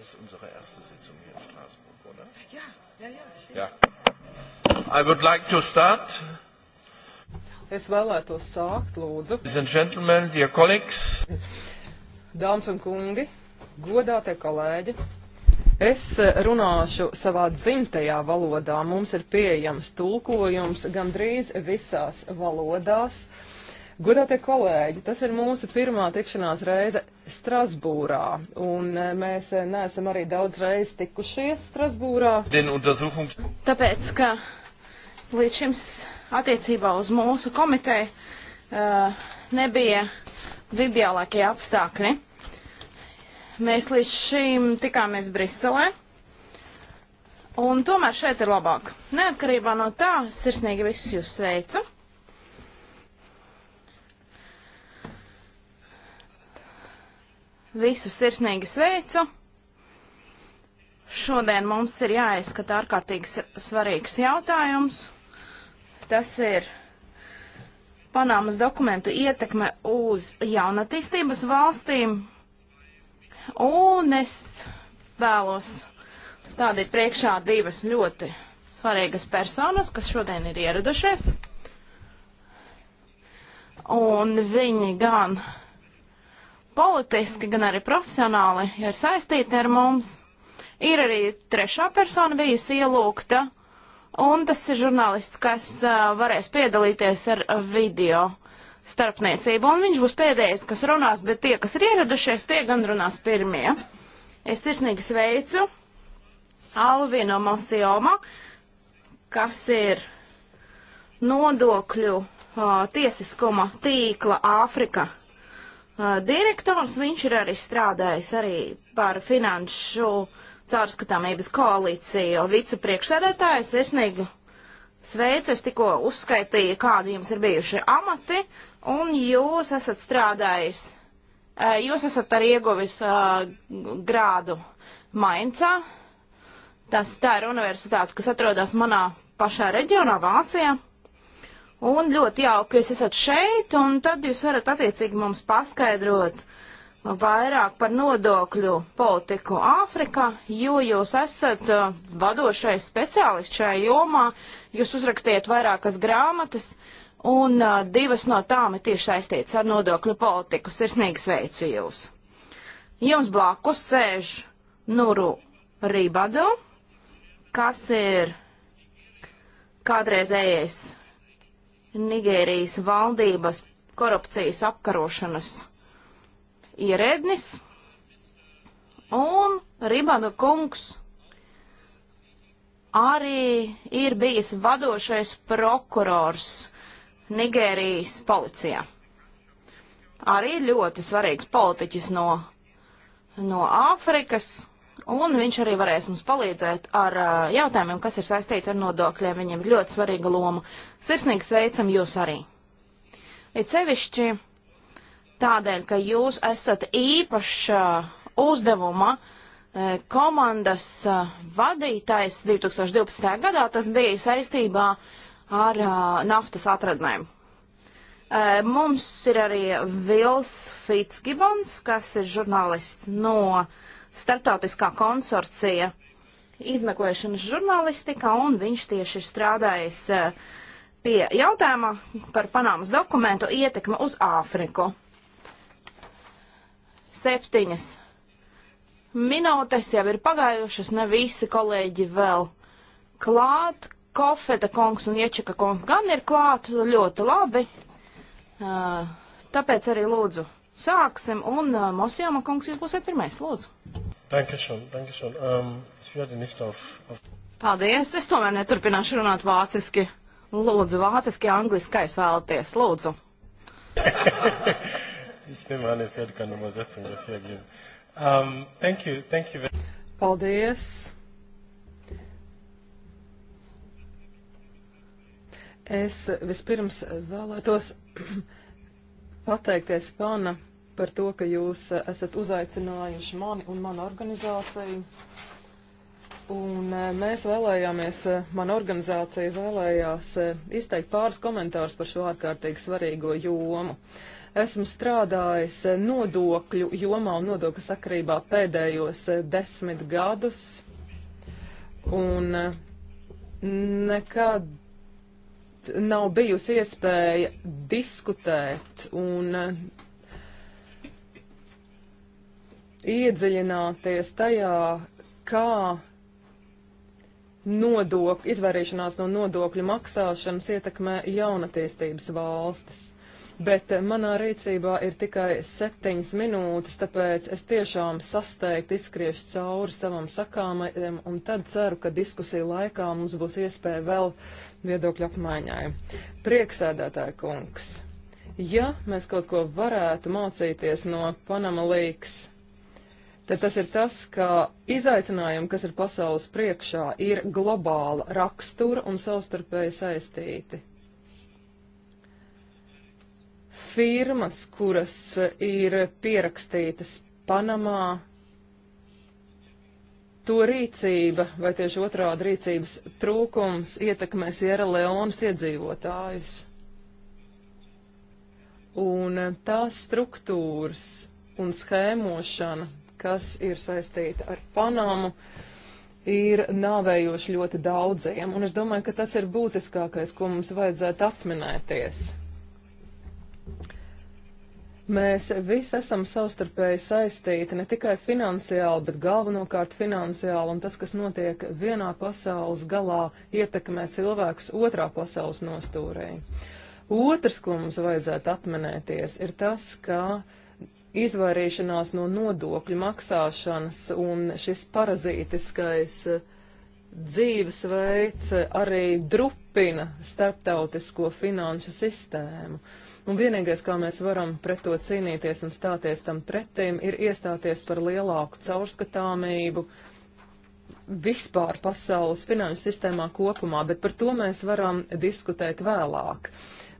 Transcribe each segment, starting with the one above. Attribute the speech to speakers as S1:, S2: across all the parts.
S1: Das ist unsere erste Sitzung hier in Straßburg, oder? Ja,
S2: ja, ja. Stimmt.
S1: ja. I would like to start.
S2: Es vēlētos sākt, lūdzu. Ladies
S1: and gentlemen, dear colleagues.
S2: Dāmas un kungi, godātie kolēģi. Es eh, runāšu savā dzimtajā valodā. Mums ir pieejams tulkojums gandrīz visās valodās. Uh, Godātie kolēģi, tas ir mūsu pirmā tikšanās reize Strasbūrā, un e, mēs e, neesam arī daudz reizes tikušies Strasbūrā. Tāpēc, ka līdz šim attiecībā uz mūsu
S3: komiteju uh, nebija vidiālākie apstākļi. Mēs līdz šim tikāmies Briselē. Un tomēr šeit ir labāk. Neatkarībā no tā, sirsnīgi visus jūs sveicu. visus sirsnīgi sveicu. Šodien mums ir jāizskata ārkārtīgi svarīgs jautājums. Tas ir Panāmas dokumentu ietekme uz jaunatīstības valstīm. Un es vēlos stādīt priekšā divas ļoti svarīgas personas, kas šodien ir ieradušies. Un viņi gan uh, politiski, gan arī profesionāli ir saistīti ar mums. Ir arī trešā persona bijusi ielūgta, un tas ir žurnālists, kas uh, varēs piedalīties ar video starpniecību, un viņš būs pēdējais, kas runās, bet tie, kas ir ieradušies, tie gan runās pirmie. Es sirsnīgi sveicu Alvino Mosioma, kas ir nodokļu uh, tiesiskuma tīkla Āfrika Uh, direktors, viņš ir arī strādājis arī par finanšu caurskatāmības koalīciju vicepriekšsēdētājs. Sirsnīgi sveicu, es tikko uzskaitīju, kādi jums ir bijuši amati, un jūs esat strādājis, uh, jūs esat arī ieguvis uh, grādu Maincā. Tas tā ir universitāte, kas atrodas manā pašā reģionā, Vācijā. Un ļoti jauki, ka jūs esat šeit, un tad jūs varat attiecīgi mums paskaidrot vairāk par nodokļu politiku Āfrikā, jo jūs esat uh, vadošais speciālists šajā jomā, jūs uzrakstījat vairākas grāmatas, un uh, divas no tām ir tieši saistītas ar nodokļu politiku. Sirsnīgi sveicu jūs! Jums blakus sēž Nuru Ribadu, kas ir kādreizējais Nigērijas valdības korupcijas apkarošanas ierēdnis, un Ribana kungs arī ir bijis vadošais prokurors Nigērijas policijā. Arī ļoti svarīgs politiķis no, no Āfrikas. Un viņš arī varēs mums palīdzēt ar uh, jautājumiem, kas ir saistīti ar nodokļiem. Viņam ir ļoti svarīga loma. Sirsnīgi sveicam jūs arī. Ir sevišķi tādēļ, ka jūs esat īpaša uzdevuma uh, komandas uh, vadītājs 2012. gadā. Tas bija saistībā ar naftas atradnēm. Mums ir arī Vils Fitzgibons, kas ir žurnālists no starptautiskā konsorcija izmeklēšanas žurnālistikā, un viņš tieši ir strādājis eh, pie jautājuma par Panāmas dokumentu ietekmi uz Āfriku. Septiņas minūtes jau ir pagājušas, ne visi kolēģi vēl klāt. Kofeta kungs un Iečika kungs gan ir klāt, ļoti labi. Eh, tāpēc arī lūdzu sāksim, un eh, Mosjoma kungs, jūs būsiet pirmais, lūdzu.
S1: Dankeschön, dankeschön. Um, ähm, es werde nicht auf, auf...
S3: Paldies, es tomēr neturpināšu runāt vāciski. Lūdzu, vāciski, angliski, kā jūs vēlaties,
S2: lūdzu. ich nehme an, es werde keine Übersetzung dafür geben. Um, thank you, thank you. Paldies. Es vispirms vēlētos pateikties pana par to, ka jūs eh, esat uzaicinājuši mani un manu organizāciju. Un eh, mēs vēlējāmies, eh, mana organizācija vēlējās izteikt pāris komentārus par šo ārkārtīgi svarīgo jomu. Esmu strādājis nodokļu jomā un nodokļu sakarībā pēdējos desmit gadus. Un nekad nav bijusi iespēja diskutēt un iedziļināties tajā, kā nodok, izvairīšanās no nodokļu maksāšanas ietekmē jaunatīstības valstis. Bet manā rīcībā ir tikai septiņas minūtes, tāpēc es tiešām sasteigti izskriešu cauri savam sakāmajam, un tad ceru, ka diskusiju laikā mums būs iespēja vēl viedokļu apmaiņai. Prieksēdētāja kungs, ja mēs kaut ko varētu mācīties no Panama līks tad tas ir tas, ka izaicinājumi, kas ir pasaules priekšā, ir globāla rakstura un savstarpēji saistīti. Firmas, kuras ir pierakstītas Panamā, to rīcība vai tieši otrādi rīcības trūkums ietekmēs Jera Leonas iedzīvotājus. Un tās struktūras un schēmošana, kas ir saistīta ar Panamu, ir nāvējoši ļoti daudziem, un es domāju, ka tas ir būtiskākais, ko mums vajadzētu atminēties. Mēs visi esam savstarpēji saistīti ne tikai finansiāli, bet galvenokārt finansiāli, un tas, kas notiek vienā pasaules galā, ietekmē cilvēkus otrā pasaules nostūrē. Otrs, ko mums vajadzētu atminēties, ir tas, ka uh, izvairīšanās no nodokļu maksāšanas un šis parazītiskais eh, dzīvesveids eh, arī drupina starptautisko finanšu sistēmu. Un vienīgais, kā mēs varam pret to cīnīties un stāties tam pretim, ir iestāties par lielāku caurskatāmību vispār pasaules finanšu sistēmā kopumā, bet par to mēs varam diskutēt vēlāk. Uh,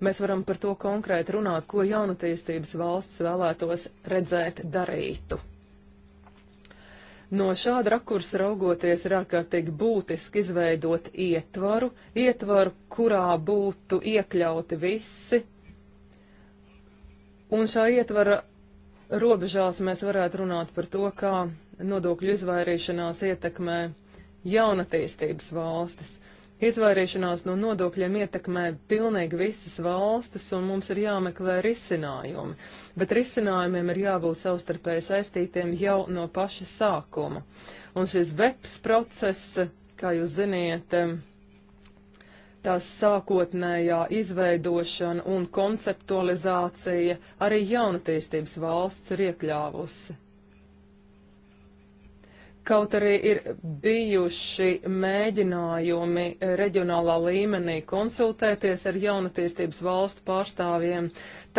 S2: Mēs varam par to konkrēti runāt, ko jaunatīstības valsts vēlētos redzēt darītu. No šāda rakursa raugoties ir ārkārtīgi būtiski izveidot ietvaru, ietvaru, kurā būtu iekļauti visi, un šā ietvara robežās mēs varētu runāt par to, kā nodokļu izvairīšanās ietekmē jaunatīstības valstis. Izvairīšanās no nodokļiem ietekmē pilnīgi visas valstis, un mums ir jāmeklē risinājumi. Bet risinājumiem ir jābūt savstarpēji saistītiem jau no paša sākuma. Un šis BEPS process, kā jūs ziniet, tās sākotnējā izveidošana un konceptualizācija arī jaunatīstības valsts ir iekļāvusi. Kaut arī ir bijuši mēģinājumi reģionālā līmenī konsultēties ar jaunatīstības valstu pārstāvjiem,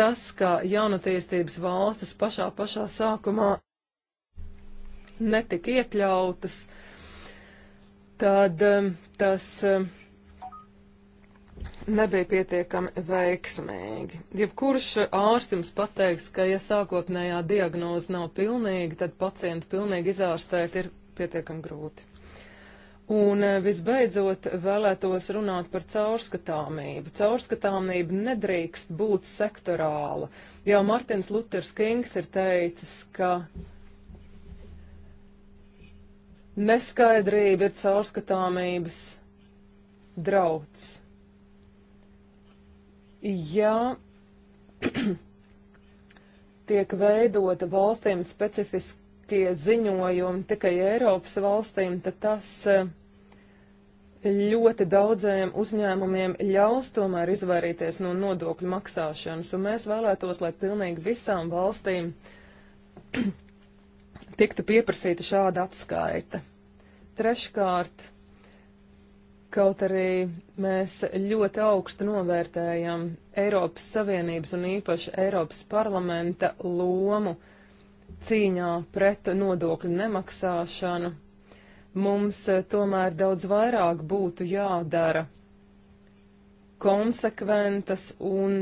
S2: tas, ka jaunatīstības valstis pašā pašā sākumā netika iekļautas, tad um, tas um, nebija pietiekami veiksmīgi. Jebkurš ārstams pateiks, ka ja sākotnējā diagnoze nav pilnīga, tad pacientu pilnīgi izārstēt ir pietiekami grūti. Un eh, visbeidzot vēlētos runāt par caurskatāmību. Caurskatāmība nedrīkst būt sektorāla. Jau Martins Luters Kings ir teicis, ka neskaidrība ir caurskatāmības drauds. Ja tiek veidota valstīm specifiska tie ziņojumi tikai Eiropas valstīm, tad tas eh, ļoti daudziem uzņēmumiem ļaus tomēr izvairīties no nodokļu maksāšanas, un mēs vēlētos, lai pilnīgi visām valstīm tiktu pieprasīta šāda atskaita. Treškārt, kaut arī mēs ļoti augstu novērtējam Eiropas Savienības un īpaši Eiropas parlamenta lomu cīņā pret nodokļu nemaksāšanu, mums eh, tomēr daudz vairāk būtu jādara konsekventas un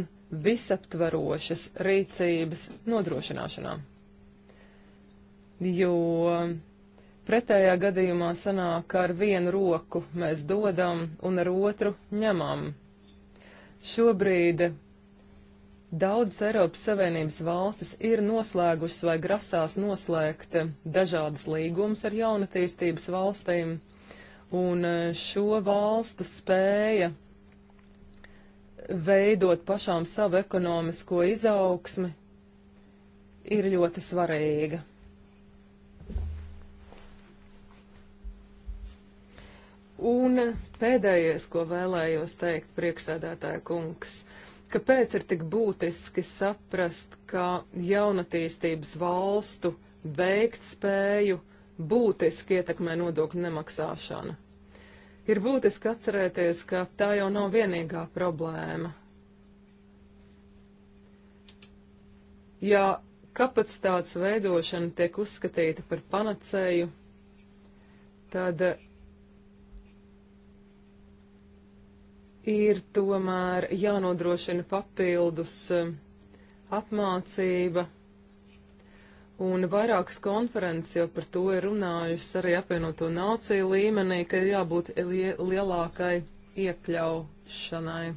S2: visaptvarošas rīcības nodrošināšanā. Jo pretējā gadījumā sanāk, ka ar vienu roku mēs dodam un ar otru ņemam. Šobrīd Daudzas Eiropas Savienības valstis ir noslēgušas vai grasās noslēgt eh, dažādas līgumas ar jaunatīstības valstīm, un eh, šo valstu spēja veidot pašām savu ekonomisko izaugsmi ir ļoti svarīga. Un eh, pēdējais, ko vēlējos teikt, priekšsēdētāja kungs. Uh, Kāpēc ir tik būtiski saprast, ka jaunatīstības valstu veikt spēju būtiski ietekmē nodokļu nemaksāšana? Ir būtiski atcerēties, ka tā jau nav vienīgā problēma. Ja kapacitātes veidošana tiek uzskatīta par panacēju, tad ir tomēr jānodrošina papildus eh, apmācība, un vairākas konferences jau par to ir runājusi arī apvienoto nāciju līmenī, ka ir jābūt lielākai iekļaušanai.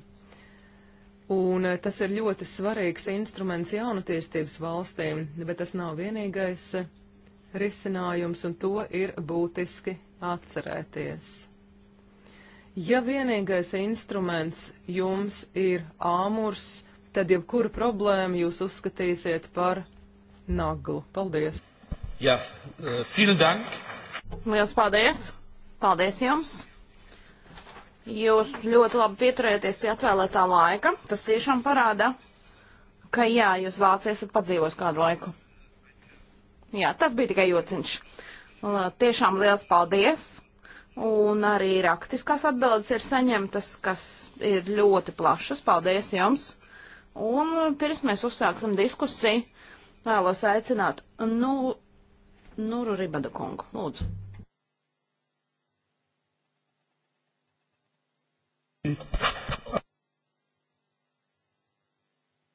S2: Un eh, tas ir ļoti svarīgs instruments jaunatīstības valstīm, bet tas nav vienīgais eh, risinājums, un to ir būtiski atcerēties. Ja vienīgais instruments jums ir āmurs, tad jebkuru problēmu jūs uzskatīsiet par naglu. Paldies! Jā, ja, eh, vielen dank! Liels paldies! Paldies jums!
S3: Jūs ļoti labi pieturēties pie atvēlētā laika. Tas tiešām parāda, ka jā, jūs Vācija esat padzīvos kādu laiku. Jā, tas bija tikai jociņš. Tiešām liels paldies. Un arī raktiskās atbildes ir saņemtas, kas ir ļoti plašas. Paldies jums! Un pirms mēs uzsāksim diskusiju, vēlos aicināt nu, Nuru Ribadu kungu. Lūdzu!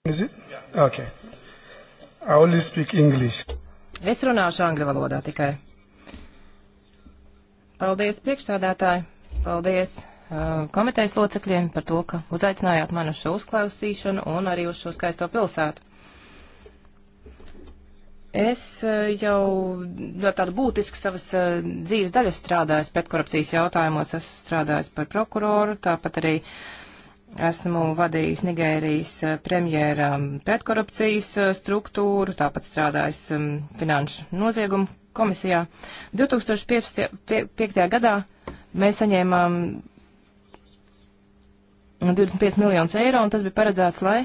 S3: Is it? Yeah. Okay. I only speak English.
S1: Es runāšu angļu valodā tikai. Paldies priekšsādātāji, paldies uh, komitejas locekļiem par to, ka uzaicinājāt mani uz šo uzklausīšanu un arī uz šo skaisto pilsētu. Es uh, jau ļoti tādu būtisku savas uh, dzīves daļas strādājis pretkorupcijas jautājumos, esmu strādājis par prokuroru, tāpat arī esmu vadījis Nigērijas uh, premjera um, pretkorupcijas struktūru, tāpat strādājis um, finanšu noziegumu komisijā. 2005. gadā mēs saņēmām 25 miljonus eiro, un tas bija paredzēts, lai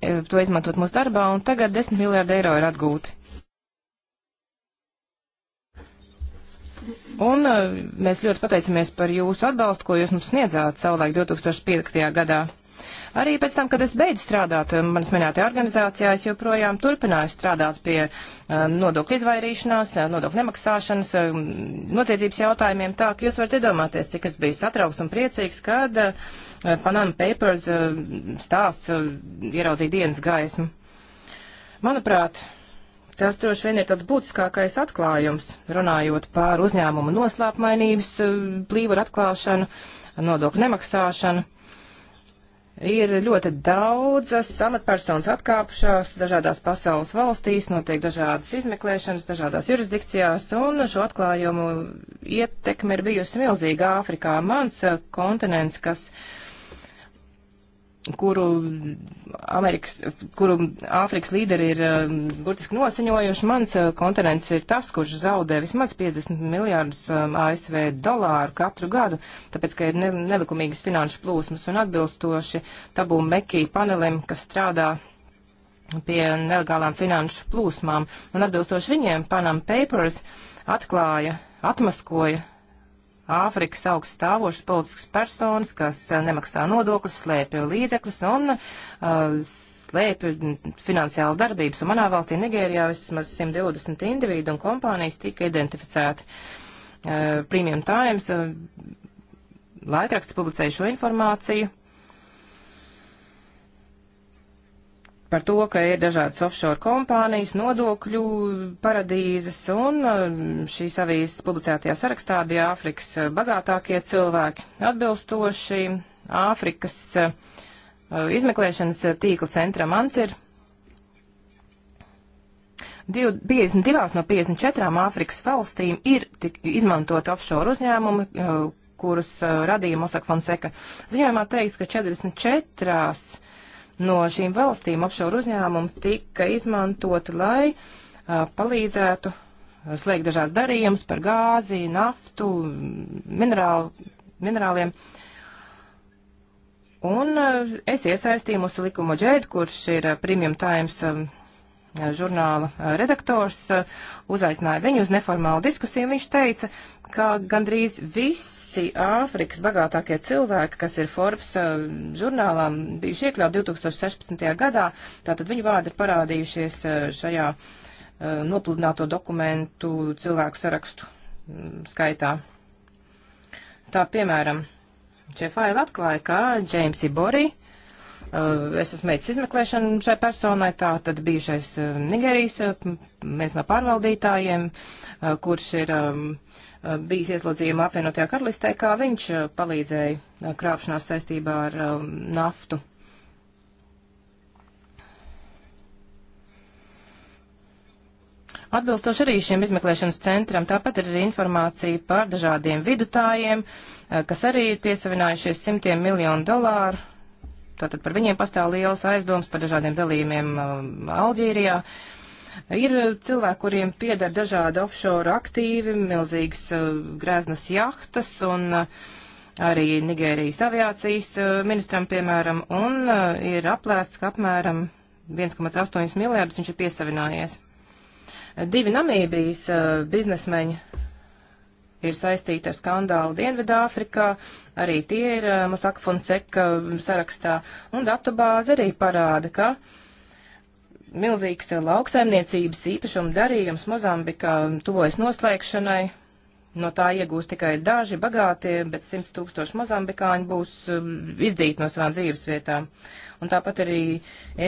S1: e, to izmantot mūsu darbā, un tagad 10 miljārdi eiro ir atgūti. Un e, mēs ļoti pateicamies par jūsu atbalstu, ko jūs mums sniedzāt savulaik 2005. gadā. Arī pēc tam, kad es beidzu strādāt um, manas minētajā organizācijā, es joprojām turpināju strādāt pie um, nodokļu izvairīšanās, uh, nodokļu nemaksāšanas, um, noziedzības jautājumiem, tā, ka jūs varat iedomāties, cik es biju satraukts un priecīgs, kad uh, Panama Papers uh, stāsts ieraudzīja dienas gaismu. Manuprāt, Tas droši vien ir tāds būtiskākais atklājums, runājot par uzņēmumu noslēpmainības plīvu atklāšanu, nodokļu nemaksāšanu. Ir ļoti daudzas amatpersonas atkāpušās dažādās pasaules valstīs, notiek dažādas izmeklēšanas, dažādās jurisdikcijās, un šo atklājumu ietekme ir bijusi milzīga Āfrikā. Mans eh, kontinents, kas uh, kuru, Amerikas, kuru Āfrikas līderi ir uh, burtiski nosaņojuši. Mans uh, kontinents ir tas, kurš zaudē vismaz 50 miljārdus um, ASV dolāru katru gadu, tāpēc, ka ir ne, nelikumīgas finanšu plūsmas un atbilstoši tabū Mekī panelim, kas strādā pie nelegālām finanšu plūsmām. Un atbilstoši viņiem Panam Papers atklāja, atmaskoja Āfrikas augsts stāvošas politiskas personas, kas eh, nemaksā nodokļus, slēpj līdzekļus un uh, slēpj finansiālas darbības. Un manā valstī Nigērijā vismaz 120 individu un kompānijas tika identificēti. Uh, Premium Times uh, laikraksts publicēja šo informāciju par to, ka ir dažādas offshore kompānijas, nodokļu paradīzes, un um, šīs avīzes publicētajā sarakstā bija Āfrikas uh, bagātākie cilvēki. Atbilstoši Āfrikas uh, izmeklēšanas tīkla centram Ancir, 52 no 54 Āfrikas valstīm ir izmantota offshore uzņēmumi, uh, kurus radīja Mosaka Fonseca. Ziņojumā teiks, ka 44 no šīm valstīm offshore uzņēmumu tika izmantoti, lai uh, palīdzētu slēgt dažādas darījumus par gāzi, naftu, minerālu, minerāliem. Un uh, es iesaistīju mūsu likumu džēdu, kurš ir Premium Times um, žurnāla redaktors, uzaicināja viņu uz neformālu diskusiju. Viņš teica, ka gandrīz visi Āfrikas bagātākie cilvēki, kas ir Forbes žurnālām, bijuši iekļauti 2016. gadā, tātad viņu vārdi ir parādījušies šajā nopludināto dokumentu cilvēku sarakstu skaitā. Tā piemēram, šie faili atklāja, ka Džeimsi Borī Uh, es esmu veicis izmeklēšanu šai personai, tā tad bijušais uh, Nigerijas, uh, viens no pārvaldītājiem, kurš ir um, bijis ieslodzījuma apvienotajā karalistē, kā viņš palīdzēja krāpšanās saistībā ar um, naftu. Atbilstoši arī šiem izmeklēšanas centram, tāpat ir arī informācija par dažādiem vidutājiem, kas arī ir piesavinājušies simtiem miljonu dolāru Tātad par viņiem pastāv liels aizdoms par dažādiem dalījumiem um, Alģīrijā. Ir cilvēki, kuriem pieder dažādi offshore aktīvi, milzīgas uh, grēznas jahtas un uh, arī Nigērijas aviācijas uh, ministram, piemēram, un ir aplēsts, ka apmēram 1,8 miljārdus viņš ir piesavinājies. Divi Namībijas biznesmeņi ir saistīti ar skandālu Dienvidāfrikā, arī tie ir uh, Masaka Fonseka mm, sarakstā, un datubāze arī parāda, ka milzīgs lauksaimniecības īpašuma darījums Mozambikā tuvojas noslēgšanai, No tā iegūs tikai daži bagātie, bet 100 tūkstoši mozambikāņi būs uh, izdzīti no savām dzīvesvietām. Un tāpat arī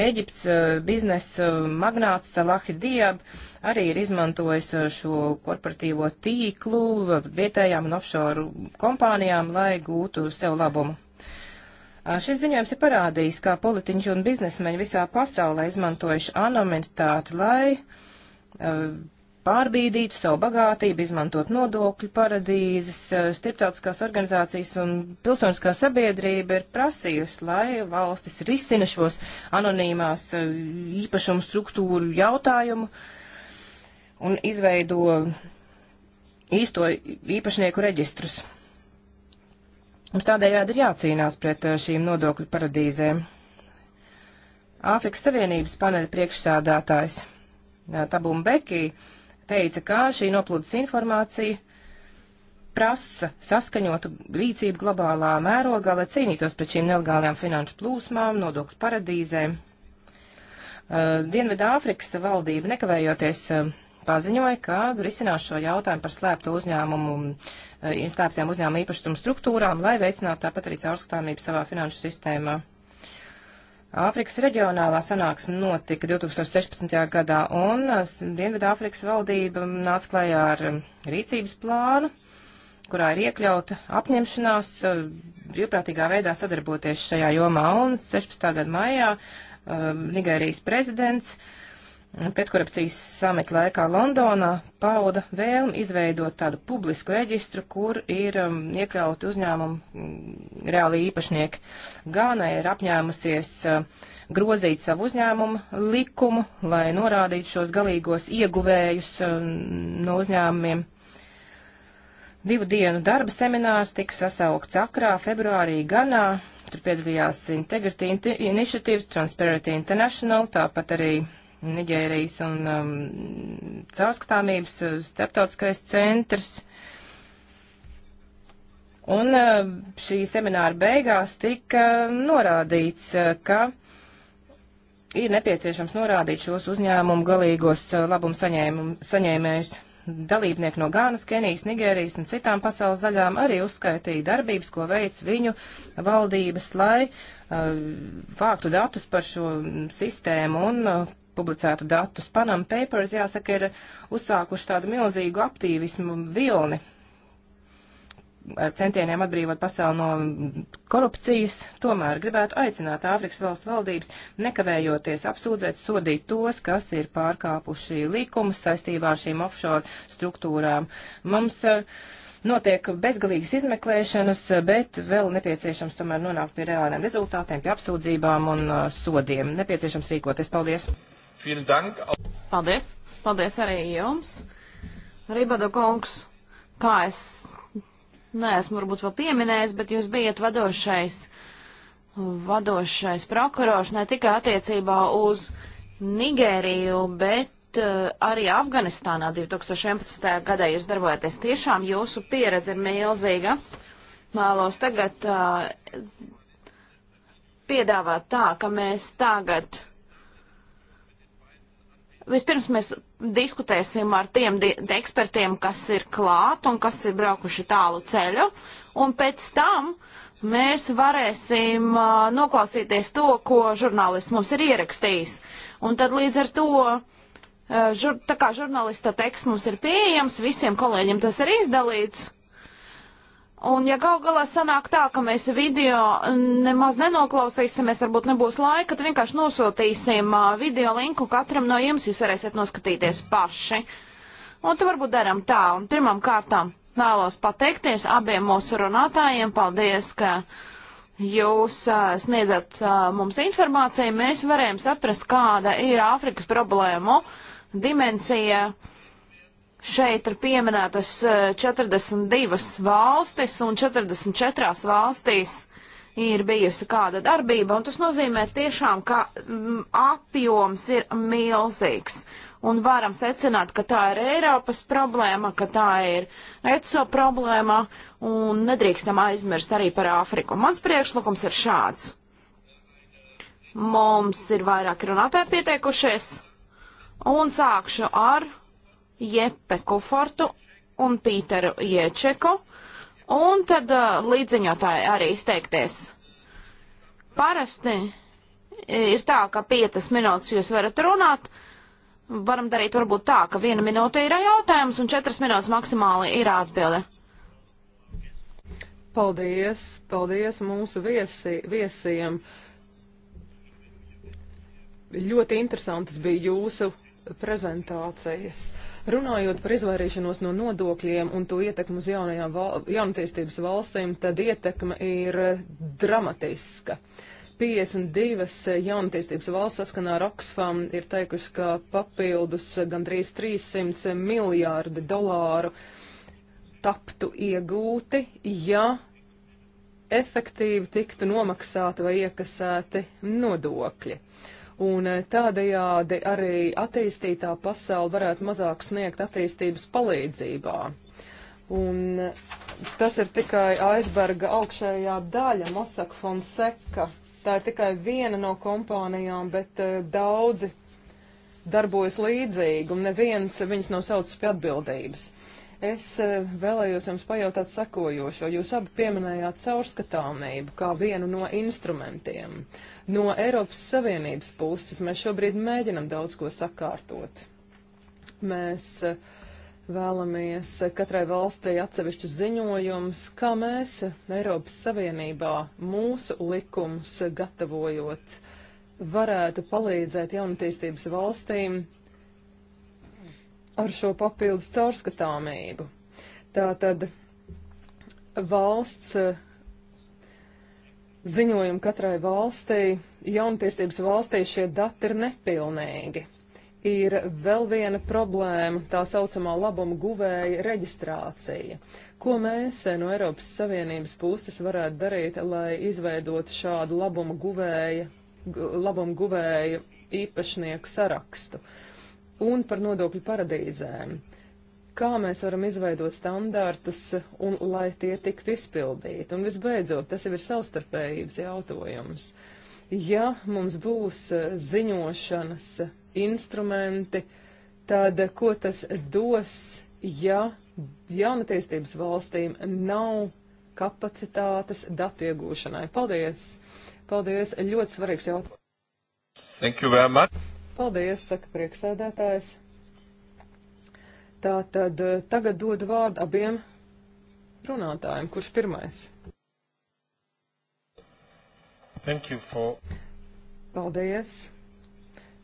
S1: Ēģipts uh, biznesa uh, magnāts Salahi Diab arī ir izmantojis uh, šo korporatīvo tīklu vietējām un offshore kompānijām, lai gūtu sev labumu. Uh, šis ziņojums ir parādījis, kā politiķi un biznesmeņi visā pasaulē izmantojuši anonimitāti, lai uh, pārbīdīt savu bagātību, izmantot nodokļu paradīzes, eh, starptautiskās organizācijas un pilsoniskā sabiedrība ir prasījusi, lai valstis risina šos anonīmās eh, īpašumu struktūru jautājumu un izveido īsto īpašnieku reģistrus. Mums tādējādi ir jācīnās pret eh, šīm nodokļu paradīzēm. Āfrikas Savienības paneļa priekšsādātājs Tabum Bekija teica, ka šī noplūdes informācija prasa saskaņotu rīcību globālā mērogā, lai cīnītos pret šīm nelegālajām finanšu plūsmām, nodokļu paradīzēm. Uh, Dienvedā Āfrikas valdība nekavējoties uh, paziņoja, ka risinās šo jautājumu par slēptu uzņēmumu, uh, slēptiem uzņēmumu īpašumu struktūrām, lai veicinātu tāpat arī caurskatāmību savā finanšu sistēmā. Āfrikas reģionālā sanāksme notika 2016. gadā, un uh, Dienvidāfrikas valdība nāca klajā ar um, rīcības plānu, kurā ir iekļauta apņemšanās uh, brīvprātīgā veidā sadarboties šajā jomā, un 16. gada maijā uh, Nigērijas prezidents uh, pretkorupcijas samita laikā Londonā pauda vēlmi izveidot tādu publisku reģistru, kur ir um, iekļauti uzņēmumu mm, reāli īpašnieki. Gāna ir apņēmusies uh, grozīt savu uzņēmumu likumu, lai norādītu šos galīgos ieguvējus uh, no uzņēmumiem. Divu dienu darba seminārs tika sasaukts Akrā, februārī Ganā. Tur piedalījās Integrity Initiative, Transparency International, tāpat arī Nigērijas un um, caurskatāmības uh, starptautiskais centrs. Un uh, šī semināra beigās tika norādīts, uh, ka ir nepieciešams norādīt šos uzņēmumu galīgos labumu saņēmējus. Dalībnieki no Gānas, Kenijas, Nigērijas un citām pasaules daļām arī uzskaitīja darbības, ko veic viņu valdības, lai uh, vāktu datus par šo sistēmu un uh, publicētu datus. Panama Papers, jāsaka, ir uzsākuši tādu milzīgu aktīvismu vilni ar centieniem atbrīvot pasauli no korupcijas, tomēr gribētu aicināt Āfrikas valstu valdības nekavējoties apsūdzēt, sodīt tos, kas ir pārkāpuši likumus saistībā ar šīm offshore struktūrām. Mums eh, notiek bezgalīgas izmeklēšanas, bet vēl nepieciešams tomēr nonākt pie reāliem rezultātiem, pie apsūdzībām un eh, sodiem. Nepieciešams rīkoties. Paldies! Paldies! Paldies arī jums! Ribado kungs, kā es
S3: neesmu varbūt vēl pieminējis, bet jūs bijat vadošais, vadošais prokurors ne tikai attiecībā uz Nigēriju, bet uh, arī Afganistānā 2011. gadā jūs darbojaties. Tiešām jūsu pieredze ir milzīga. Mēlos tagad uh, piedāvāt tā, ka mēs tagad Vispirms mēs diskutēsim ar tiem ekspertiem, kas ir klāt un kas ir braukuši tālu ceļu, un pēc tam mēs varēsim uh, noklausīties to, ko žurnālists mums ir ierakstījis. Un tad līdz ar to žur, tā kā žurnālista teksts mums ir pieejams, visiem kolēģiem tas ir izdalīts. Un ja gal galā sanāk tā, ka mēs video nemaz nenoklausīsimies, varbūt nebūs laika, tad vienkārši nosūtīsim uh, video linku katram no jums, jūs varēsiet noskatīties paši. Un tad varbūt daram tā, un pirmām kārtām vēlos pateikties abiem mūsu runātājiem, paldies, ka jūs uh, sniedzat uh, mums informāciju, mēs varējām saprast, kāda ir Āfrikas problēmu dimensija Šeit ir pieminētas 42 eh, valstis un 44 valstīs ir bijusi kāda darbība, un tas nozīmē tiešām, ka mm, apjoms ir milzīgs. Un varam secināt, ka tā ir Eiropas problēma, ka tā ir ECO problēma, un nedrīkstam aizmirst arī par Āfriku. Mans priekšlikums ir šāds. Mums ir vairāki runātāji pieteikušies, un sākšu ar Jeppe Kufortu un Pīteru Iečeku, un tad uh, līdziņotāji arī izteikties. Parasti ir tā, ka piecas minūtes jūs varat runāt, varam darīt varbūt tā, ka viena minūte ir jautājums un četras minūtes maksimāli ir atbilde.
S2: Paldies, paldies mūsu viesi, viesiem. Ļoti interesantas bija jūsu prezentācijas. Uh, Runājot par izvairīšanos no nodokļiem un to ietekmu uz jaunajām val jaunatīstības valstīm, tad ietekme ir eh, dramatiska. 52 eh, jaunatīstības valsts saskanā ar Oxfam ir teikuši, ka papildus eh, gandrīz 300 miljārdi dolāru taptu iegūti, ja efektīvi tiktu nomaksāti vai iekasēti nodokļi un eh, tādējādi arī attīstītā pasaule varētu mazāk sniegt attīstības palīdzībā. Un eh, tas ir tikai aizberga augšējā daļa, Mossack Fonseca. Tā ir tikai viena no kompānijām, bet uh, daudzi darbojas līdzīgi, un neviens viņus nav saucis pie atbildības. Es e, vēlējos jums pajautāt sekojošo. Jūs abi pieminējāt caurskatāmību kā vienu no instrumentiem. No Eiropas Savienības puses mēs šobrīd mēģinam daudz ko sakārtot. Mēs e, vēlamies katrai valstī atsevišķu ziņojumus, kā mēs Eiropas Savienībā mūsu likums gatavojot varētu palīdzēt jaunatīstības valstīm ar šo papildus caurskatāmību. Tātad valsts eh, ziņojumu katrai valstī, jaunatiestības valstī šie dati ir nepilnīgi. Ir vēl viena problēma, tā saucamā labuma guvēja reģistrācija. Ko mēs eh, no Eiropas Savienības puses varētu darīt, lai izveidotu šādu labuma guvēja, labuma guvēja īpašnieku sarakstu? Uh, un par nodokļu paradīzēm. Kā mēs varam izveidot standārtus un lai tie tiktu izpildīti? Un visbeidzot, tas jau ir savstarpējības jautājums. Ja mums būs eh, ziņošanas instrumenti, tad ko tas dos, ja jaunatīstības valstīm nav kapacitātes datu iegūšanai? Paldies! Paldies! Ļoti svarīgs jautājums.
S1: Thank you very much.
S2: Paldies, saka prieksēdētājs. Tā tad eh, tagad dodu vārdu abiem runātājiem. Kurš pirmais? Thank you for. Paldies.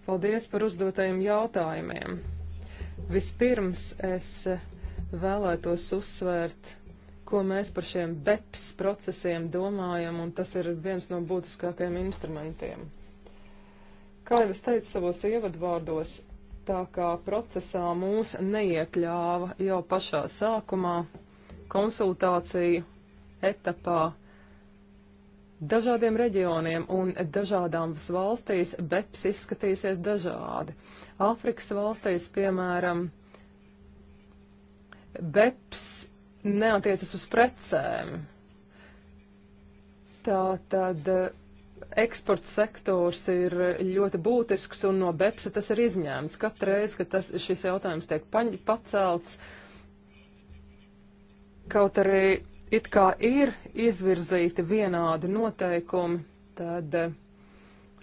S2: Paldies par uzdotajiem jautājumiem. Vispirms es eh, vēlētos uzsvērt, ko mēs par šiem BEPS procesiem domājam, un tas ir viens no būtiskākajiem instrumentiem. Kā jau es teicu savos ievadvārdos, tā kā procesā mūs neiekļāva jau pašā sākumā konsultāciju etapā dažādiem reģioniem un dažādām valstīs BEPS izskatīsies dažādi. Āfrikas valstīs, piemēram, BEPS neatiecas uz precēm. Tā tad eksporta sektors ir ļoti būtisks un no BEPSA tas ir izņēmts. Katreiz, kad tas, šis jautājums tiek paņ, pacelts, kaut arī it kā ir izvirzīti vienādi noteikumi, tad eh,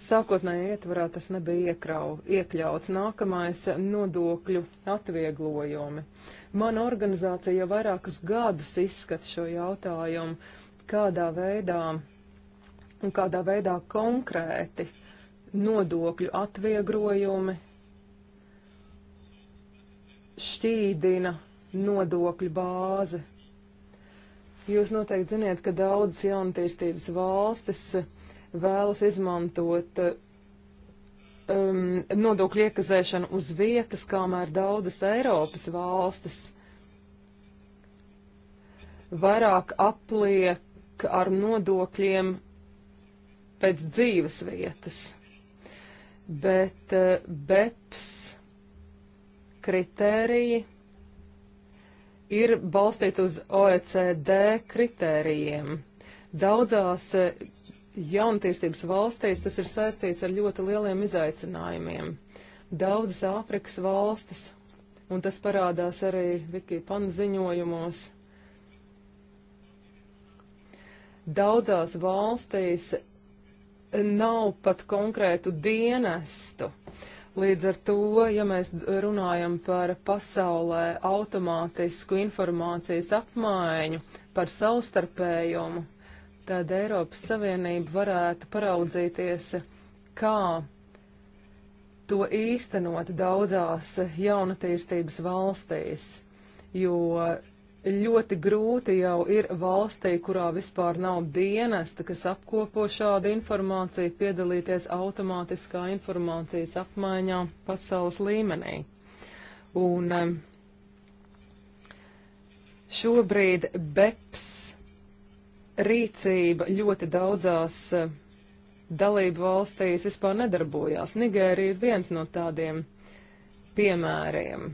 S2: sākotnēji ietvarā tas nebija iekrau, iekļauts. Nākamais nodokļu atvieglojumi. Mana organizācija jau vairākus gadus izskata šo jautājumu, kādā veidā un kādā veidā konkrēti nodokļu atvieglojumi šķīdina nodokļu bāzi. Jūs noteikti ziniet, ka daudzas jaunatīstības valstis vēlas izmantot um, nodokļu iekazēšanu uz vietas, kamēr daudzas Eiropas valstis vairāk apliek ar nodokļiem pēc dzīves vietas. Bet eh, BEPS kritēriji ir balstīti uz OECD kritērijiem. Daudzās eh, jaunatīstības valstīs tas ir saistīts ar ļoti lieliem izaicinājumiem. Daudzas Āfrikas valstis, un tas parādās arī Wikipan ziņojumos, daudzās valstīs nav pat konkrētu dienestu. Līdz ar to, ja mēs runājam par pasaulē automātisku informācijas apmaiņu, par savstarpējumu, tad Eiropas Savienība varētu paraudzīties, kā to īstenot daudzās jaunatīstības valstīs, jo ļoti grūti jau ir valstī, kurā vispār nav dienesta, kas apkopo šādu informāciju, piedalīties automātiskā informācijas apmaiņā pasaules līmenī. Un šobrīd BEPS rīcība ļoti daudzās dalību valstīs vispār nedarbojās. Nigērija ir viens no tādiem piemēriem.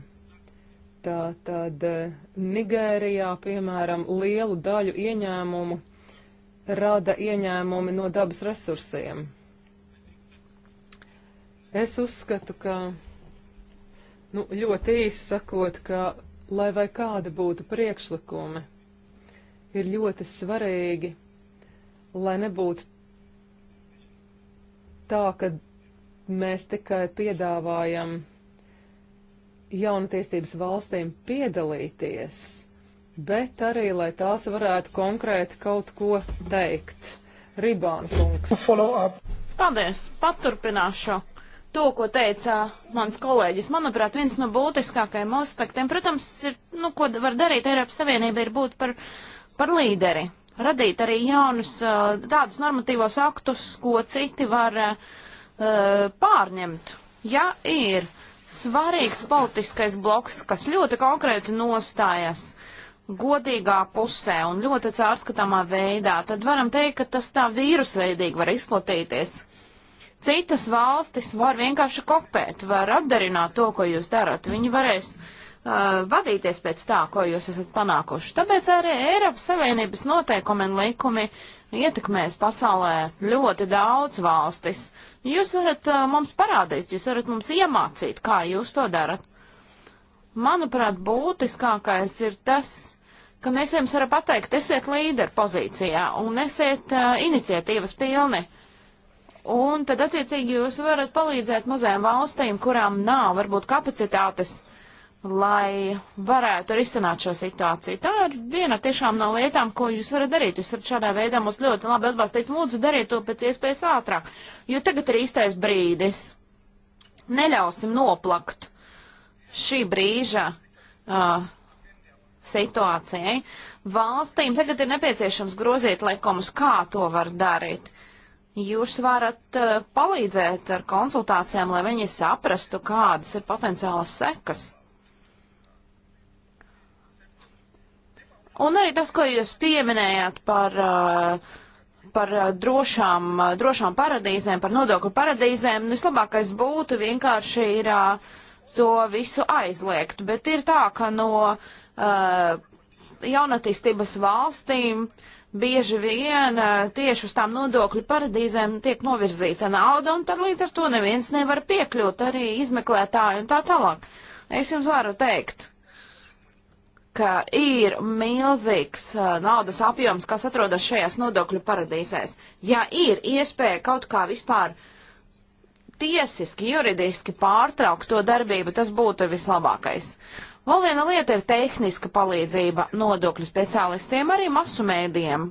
S2: Tā tad e, Nigērijā, piemēram, lielu daļu ieņēmumu rada ieņēmumi no dabas resursiem. Es uzskatu, ka, nu, ļoti īsi sakot, ka, lai vai kāda būtu priekšlikumi, ir ļoti svarīgi, lai nebūtu tā, ka mēs tikai piedāvājam jaunatīstības valstīm piedalīties, bet arī, lai tās varētu konkrēti kaut ko teikt. Ribānkungs. Paldies,
S3: paturpināšu. To, ko teica mans kolēģis, manuprāt, viens no būtiskākajiem aspektiem, protams, ir, nu, ko var darīt Eiropas Savienība, ir būt par, par līderi. Radīt arī jaunus tādus normatīvos aktus, ko citi var uh, pārņemt. Ja ir uh, svarīgs politiskais bloks, kas ļoti konkrēti nostājas godīgā pusē un ļoti caurskatāmā veidā, tad varam teikt, ka tas tā vīrusveidīgi var izplatīties. Citas valstis var vienkārši kopēt, var apdarināt to, ko jūs darat. Viņi varēs uh, uh, vadīties pēc tā, ko jūs esat panākuši. Tāpēc arī Eiropas Savienības noteikumi un likumi ietekmēs pasaulē ļoti daudz valstis. Jūs varat uh, mums parādīt, jūs varat mums iemācīt, kā jūs to darat. Manuprāt, būtiskākais ir tas, ka mēs jums varam pateikt, esiet līderi pozīcijā un esiet uh, iniciatīvas pilni. Un tad, attiecīgi, jūs varat palīdzēt mazajām valstīm, kurām nav varbūt kapacitātes lai varētu risināt šo situāciju. Tā ir viena tiešām no lietām, ko jūs varat darīt. Jūs varat šādā veidā mums ļoti labi atbalstīt. Lūdzu, dariet to pēc iespējas ātrāk, jo tagad ir īstais brīdis. Neļausim noplakt šī brīža uh, situācijai. Valstīm tagad ir nepieciešams grozīt likumus, kā to var darīt. Jūs varat uh, palīdzēt ar konsultācijām, lai viņi saprastu, kādas ir potenciālas sekas. Un arī tas, ko jūs pieminējāt par, eh, par eh, drošām, eh, drošām paradīzēm, par nodokļu paradīzēm, nu, vislabākais būtu vienkārši ir to visu aizliegt. Bet ir tā, ka no jaunatīstības valstīm bieži vien tieši uz tām nodokļu paradīzēm tiek novirzīta nauda, un tad līdz ar to neviens nevar piekļūt arī izmeklētāju un tā tālāk. Es jums varu teikt, ka ir milzīgs uh, naudas apjoms, kas atrodas šajās nodokļu paradīzēs. Ja ir iespēja kaut kā vispār tiesiski, juridiski pārtraukt to darbību, tas būtu vislabākais. Vēl viena lieta ir tehniska palīdzība nodokļu speciālistiem, arī masu mēdiem.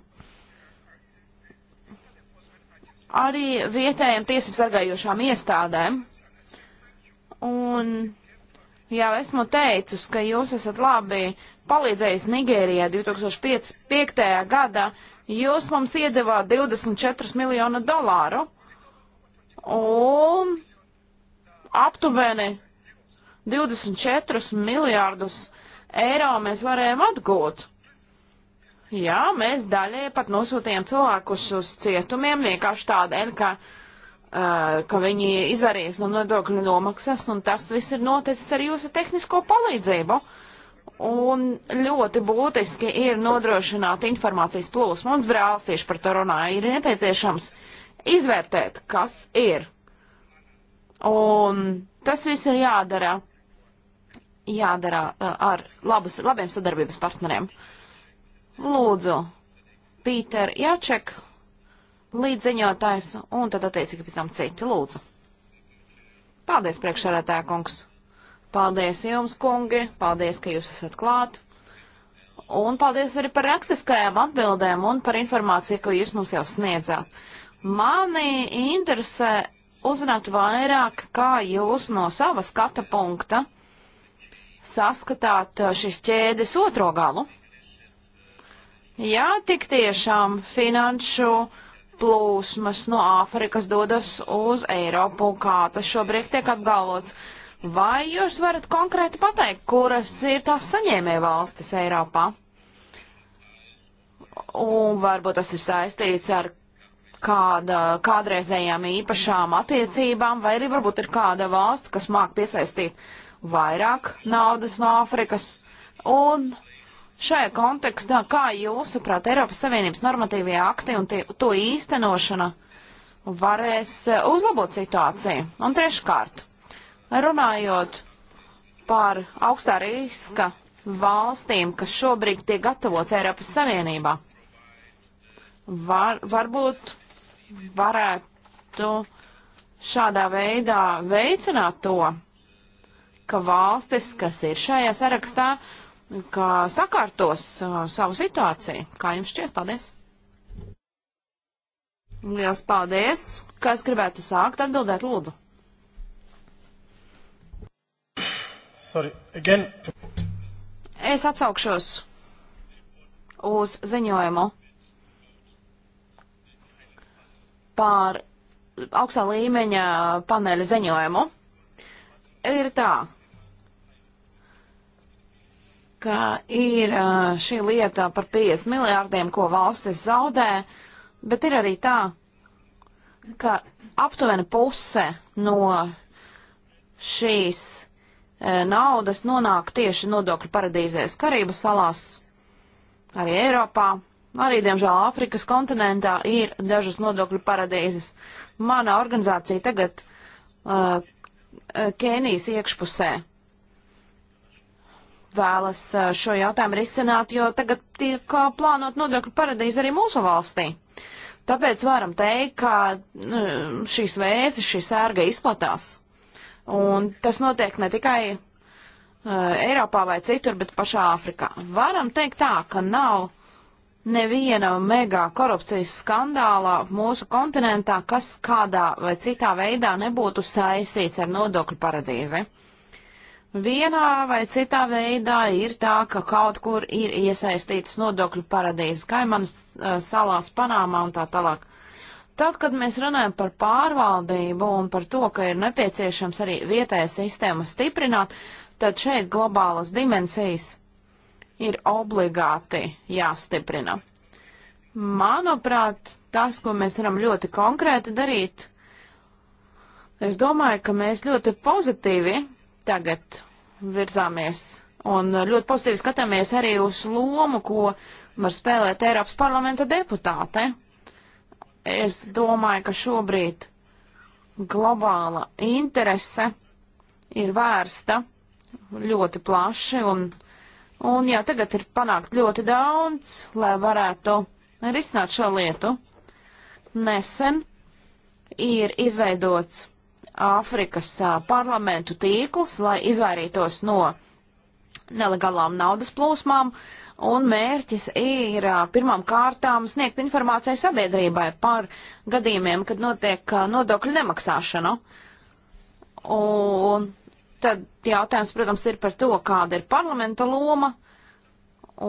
S3: Arī vietējiem tiesības sargājošām iestādēm. Un jau esmu teicis, ka jūs esat labi palīdzējis Nigērijā 2005. gadā. Jūs mums iedevāt 24 miljonu dolāru un aptuveni 24 miljārdus eiro mēs varējām atgūt. Jā, mēs daļai pat nosūtījām cilvēkus uz cietumiem vienkārši tādēļ, ka ka viņi izvairījās no nodokļu nomaksas, un tas viss ir noticis ar jūsu tehnisko palīdzību. Un ļoti būtiski ir nodrošināt informācijas plūsmu. Mums brālis tieši par to runāja. Ir nepieciešams izvērtēt, kas ir. Un tas viss ir jādara, jādara ar labus, labiem sadarbības partneriem. Lūdzu, Pīter Jaček, līdziņotājs un tad attiecīgi pēc tam citi lūdzu. Paldies, priekšsarētāja kungs! Paldies jums, kungi! Paldies, ka jūs esat klāt! Un paldies arī par rakstiskajām atbildēm un par informāciju, ko jūs mums jau sniedzāt. Mani interesē uzzināt vairāk, kā jūs no sava skata punkta saskatāt uh, šis ķēdes otro galu. Jā, tik tiešām finanšu plūsmas no Āfrikas dodas uz Eiropu, kā tas šobrīd tiek apgalvots. Vai jūs varat konkrēti pateikt, kuras ir tās saņēmēja valstis Eiropā? Un varbūt tas ir saistīts ar kāda, kādreizējām īpašām attiecībām, vai arī varbūt ir kāda valsts, kas māk piesaistīt vairāk naudas no Āfrikas. Un Šajā kontekstā, kā jūsuprāt, Eiropas Savienības normatīvie akti un tie, to īstenošana varēs eh, uzlabot situāciju? Un treškārt, runājot par augstā riska valstīm, kas šobrīd tiek gatavots Eiropas Savienībā, var, varbūt varētu šādā veidā veicināt to, ka valstis, kas ir šajā sarakstā, kā sakārtos uh, savu situāciju. Kā jums šķiet? Paldies! Liels paldies! Kas gribētu sākt atbildēt, lūdzu?
S2: Sorry, again.
S3: Es atsaukšos uz ziņojumu pār augstā līmeņa paneļa ziņojumu. Ir tā, ka ir šī lieta par 50 miljārdiem, ko valstis zaudē, bet ir arī tā, ka aptuveni puse no šīs naudas nonāk tieši nodokļu paradīzēs Karību salās, arī Eiropā, arī, diemžēl, Āfrikas kontinentā ir dažas nodokļu paradīzes. Mana organizācija tagad uh, Kēnijas iekšpusē vēlas šo jautājumu risināt, jo tagad tiek plānot nodokļu paradīze arī mūsu valstī. Tāpēc varam teikt, ka nu, šīs vēzis, šī sērga izplatās. Un tas notiek ne tikai uh, Eiropā vai citur, bet pašā Āfrikā. Varam teikt tā, ka nav neviena mega korupcijas skandālā mūsu kontinentā, kas kādā vai citā veidā nebūtu saistīts ar nodokļu paradīzi vienā vai citā veidā ir tā, ka kaut kur ir iesaistītas nodokļu paradīzes, Kaimanas eh, salās, Panāmā un tā tālāk. Tad, kad mēs runājam par pārvaldību un par to, ka ir nepieciešams arī vietējā sistēma stiprināt, tad šeit globālas dimensijas ir obligāti jāstiprina. Manuprāt, tas, ko mēs varam ļoti konkrēti darīt, es domāju, ka mēs ļoti pozitīvi tagad virzāmies. Un ļoti pozitīvi skatāmies arī uz lomu, ko var spēlēt Eiropas parlamenta deputāte. Es domāju, ka šobrīd globāla interese ir vērsta ļoti plaši un, un jā, tagad ir panākt ļoti daudz, lai varētu risināt šo lietu. Nesen ir izveidots Āfrikas parlamentu tīkls, lai izvairītos no nelegālām naudas plūsmām, un mērķis ir pirmām kārtām sniegt informāciju sabiedrībai par gadījumiem, kad notiek nodokļu nemaksāšana. Un tad jautājums, protams, ir par to, kāda ir parlamenta loma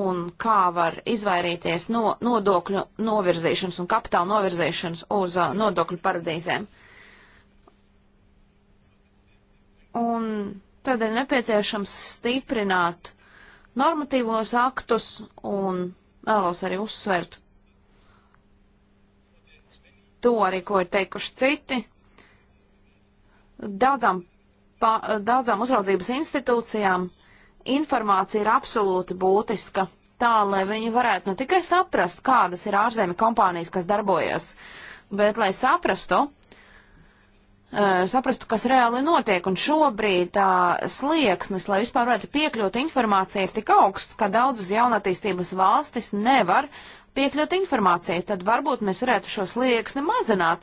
S3: un kā var izvairīties no nodokļu novirzīšanas un kapitāla novirzīšanas uz nodokļu paradīzēm. Uh, Un tad ir nepieciešams stiprināt normatīvos aktus un vēlos arī uzsvert to arī, ko ir teikuši citi. Daudzām, pa, daudzām uzraudzības institūcijām informācija ir absolūti būtiska, tā lai viņi varētu nu tikai saprast, kādas ir ārzemju kompānijas, kas darbojas, bet lai saprastu, saprastu, kas reāli notiek, un šobrīd tā slieksnis, lai vispār varētu piekļūt informācijai, ir tik augsts, ka daudzas jaunatīstības valstis nevar piekļūt informācijai, tad varbūt mēs varētu šo slieksni mazināt,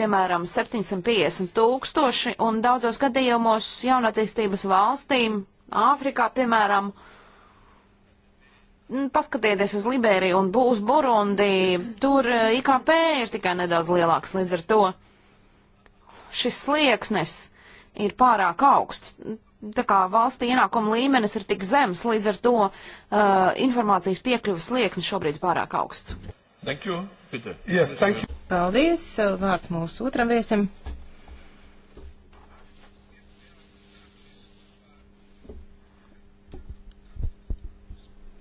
S3: piemēram, 750 tūkstoši, un daudzos gadījumos jaunatīstības valstīm, Āfrikā, piemēram, paskatieties uz Liberiju un būs Burundi, tur IKP ir tikai nedaudz lielāks līdz ar to šis slieksnis ir pārāk augsts. Tā kā valsts ienākuma līmenis ir tik zems, līdz ar to uh, informācijas piekļuvas slieksnis šobrīd ir pārāk augsts.
S1: Thank you, Peter. Yes, thank you. Paldies. Uh, vārds mūsu otram viesim.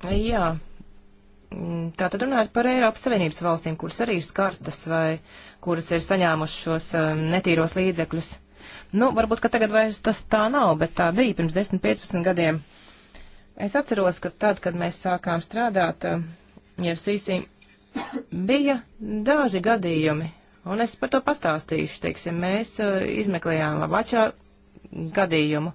S1: Jā. Yeah. Tātad runājot par Eiropas Savienības valstīm, kuras arī ir skartas vai kuras ir saņēmušas šos um, netīros līdzekļus. Nu, varbūt, ka tagad vairs tas tā nav, bet tā bija pirms 10-15 gadiem. Es atceros, ka tad, kad mēs sākām strādāt, um, jau sīsī bija daži gadījumi, un es par to pastāstīšu. Teiksim, mēs uh, izmeklējām Labačā gadījumu.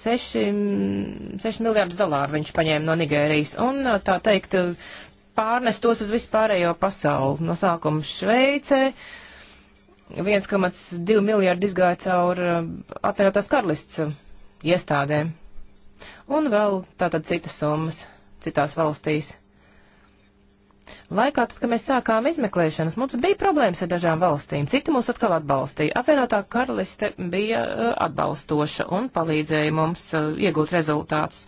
S1: 6, 6 mm, miljārdus dolāru viņš paņēma no Nigērijas, un uh, tā teikt, uh, pārnest tos uz vispārējo pasauli. No sākuma Šveicē 1,2 miljārdi izgāja caur eh, apvienotās karalists eh, iestādēm. Un vēl tātad citas summas citās valstīs. Laikā, tad, kad mēs sākām izmeklēšanas, mums bija problēmas ar dažām valstīm. Citi mūs atkal atbalstīja. Apvienotā karaliste bija eh, atbalstoša un palīdzēja mums iegūt rezultātus.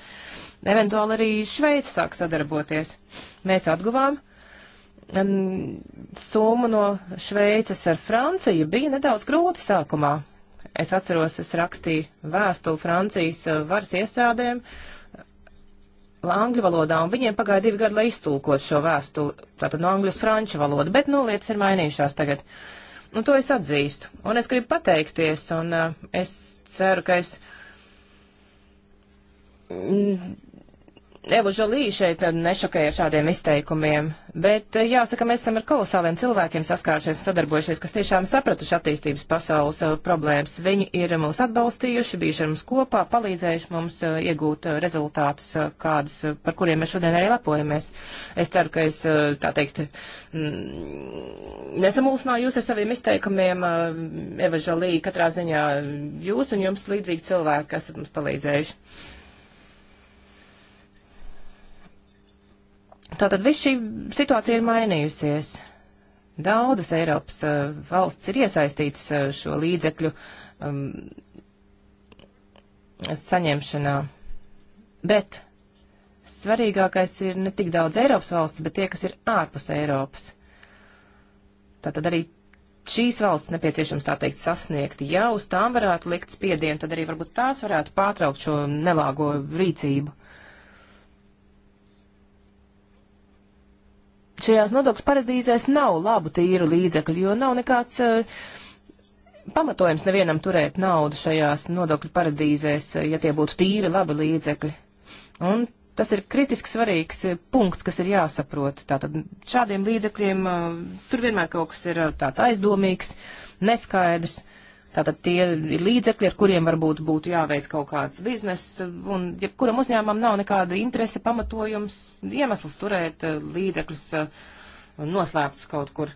S1: Eventuāli arī Šveica sāk sadarboties. Mēs atguvām um, summu no Šveices ar Franciju. Bija nedaudz grūti sākumā. Es atceros, es rakstīju vēstuli Francijas uh, varas iestādēm uh, angļu valodā, un viņiem pagāja divi gadi, lai iztulkot šo vēstuli, tātad no angļu uz franču valodu, bet, nu, lietas ir mainījušās tagad. Un to es atzīstu. Un es gribu pateikties, un uh, es ceru, ka es mm, Evu Žalī šeit nešokēja ar šādiem izteikumiem, bet eh, jāsaka, mēs esam ar kolosāliem cilvēkiem saskārušies, sadarbojušies, kas tiešām sapratuši attīstības pasaules eh, problēmas. Viņi ir mūs atbalstījuši, bijuši ar mums kopā, palīdzējuši mums eh, iegūt rezultātus, kādus, par kuriem mēs šodien arī lepojamies. Es ceru, ka es, tā teikt, mm, nesamulsināju jūs ar saviem izteikumiem. Eva Žalī katrā ziņā jūs un jums līdzīgi cilvēki esat mums palīdzējuši. Tātad viss šī situācija ir mainījusies. Daudzas Eiropas uh, valsts ir iesaistītas uh, šo līdzekļu um, saņemšanā. Bet svarīgākais ir ne tik daudz Eiropas valsts, bet tie, kas ir ārpus Eiropas. Tātad arī šīs valsts nepieciešams, tā teikt, sasniegt. Ja uz tām varētu likt spiedienu, tad arī varbūt tās varētu pārtraukt šo nelāgo rīcību. šajās nodokļu paradīzēs nav labu tīru līdzekļu, jo nav nekāds uh, pamatojums nevienam turēt naudu šajās nodokļu paradīzēs, eh, ja tie būtu tīri labi līdzekļi. Un tas ir kritiski svarīgs eh, punkts, kas ir jāsaprot. Tātad šādiem līdzekļiem uh, tur vienmēr kaut kas ir tāds aizdomīgs, neskaidrs. Uh, Tātad tie ir līdzekļi, ar kuriem varbūt būtu jāveic kaut kāds bizness, un jebkuram ja uzņēmumam nav nekāda interese, pamatojums, iemesls turēt eh, līdzekļus eh, noslēptus kaut kur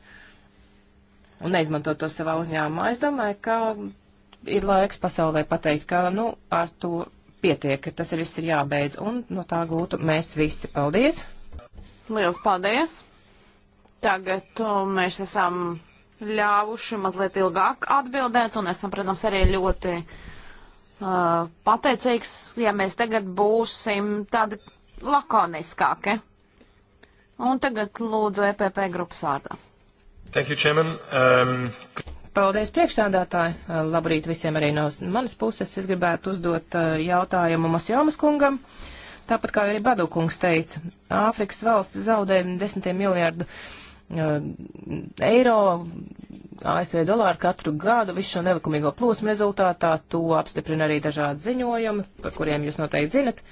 S1: un neizmantot to savā uzņēmumā. Es domāju, ka ir laiks pasaulē pateikt, ka, nu, ar to pietiek, ka tas ir viss ir jābeidz, un no tā gūtu mēs visi. Paldies! Liels paldies!
S3: Tagad um, mēs esam ļāvuši mazliet ilgāk atbildēt, un esam, protams, arī ļoti uh, pateicīgs, ja mēs tagad būsim tādi lakoniskāki. Un tagad lūdzu
S1: EPP grupas vārdā.
S2: Thank you, Chairman. Um...
S1: Paldies priekšsādātāji. Uh, labrīt visiem arī no manas puses. Es gribētu uzdot uh, jautājumu Masjomas kungam. Tāpat kā arī Badukungs teica, Āfrikas valsts zaudē desmitiem miljārdu uh, Eh, eiro, ASV dolāru katru gadu. Visu šo nelikumīgo plūsmu rezultātā to apstiprina arī dažādi ziņojumi, par kuriem jūs noteikti zinat.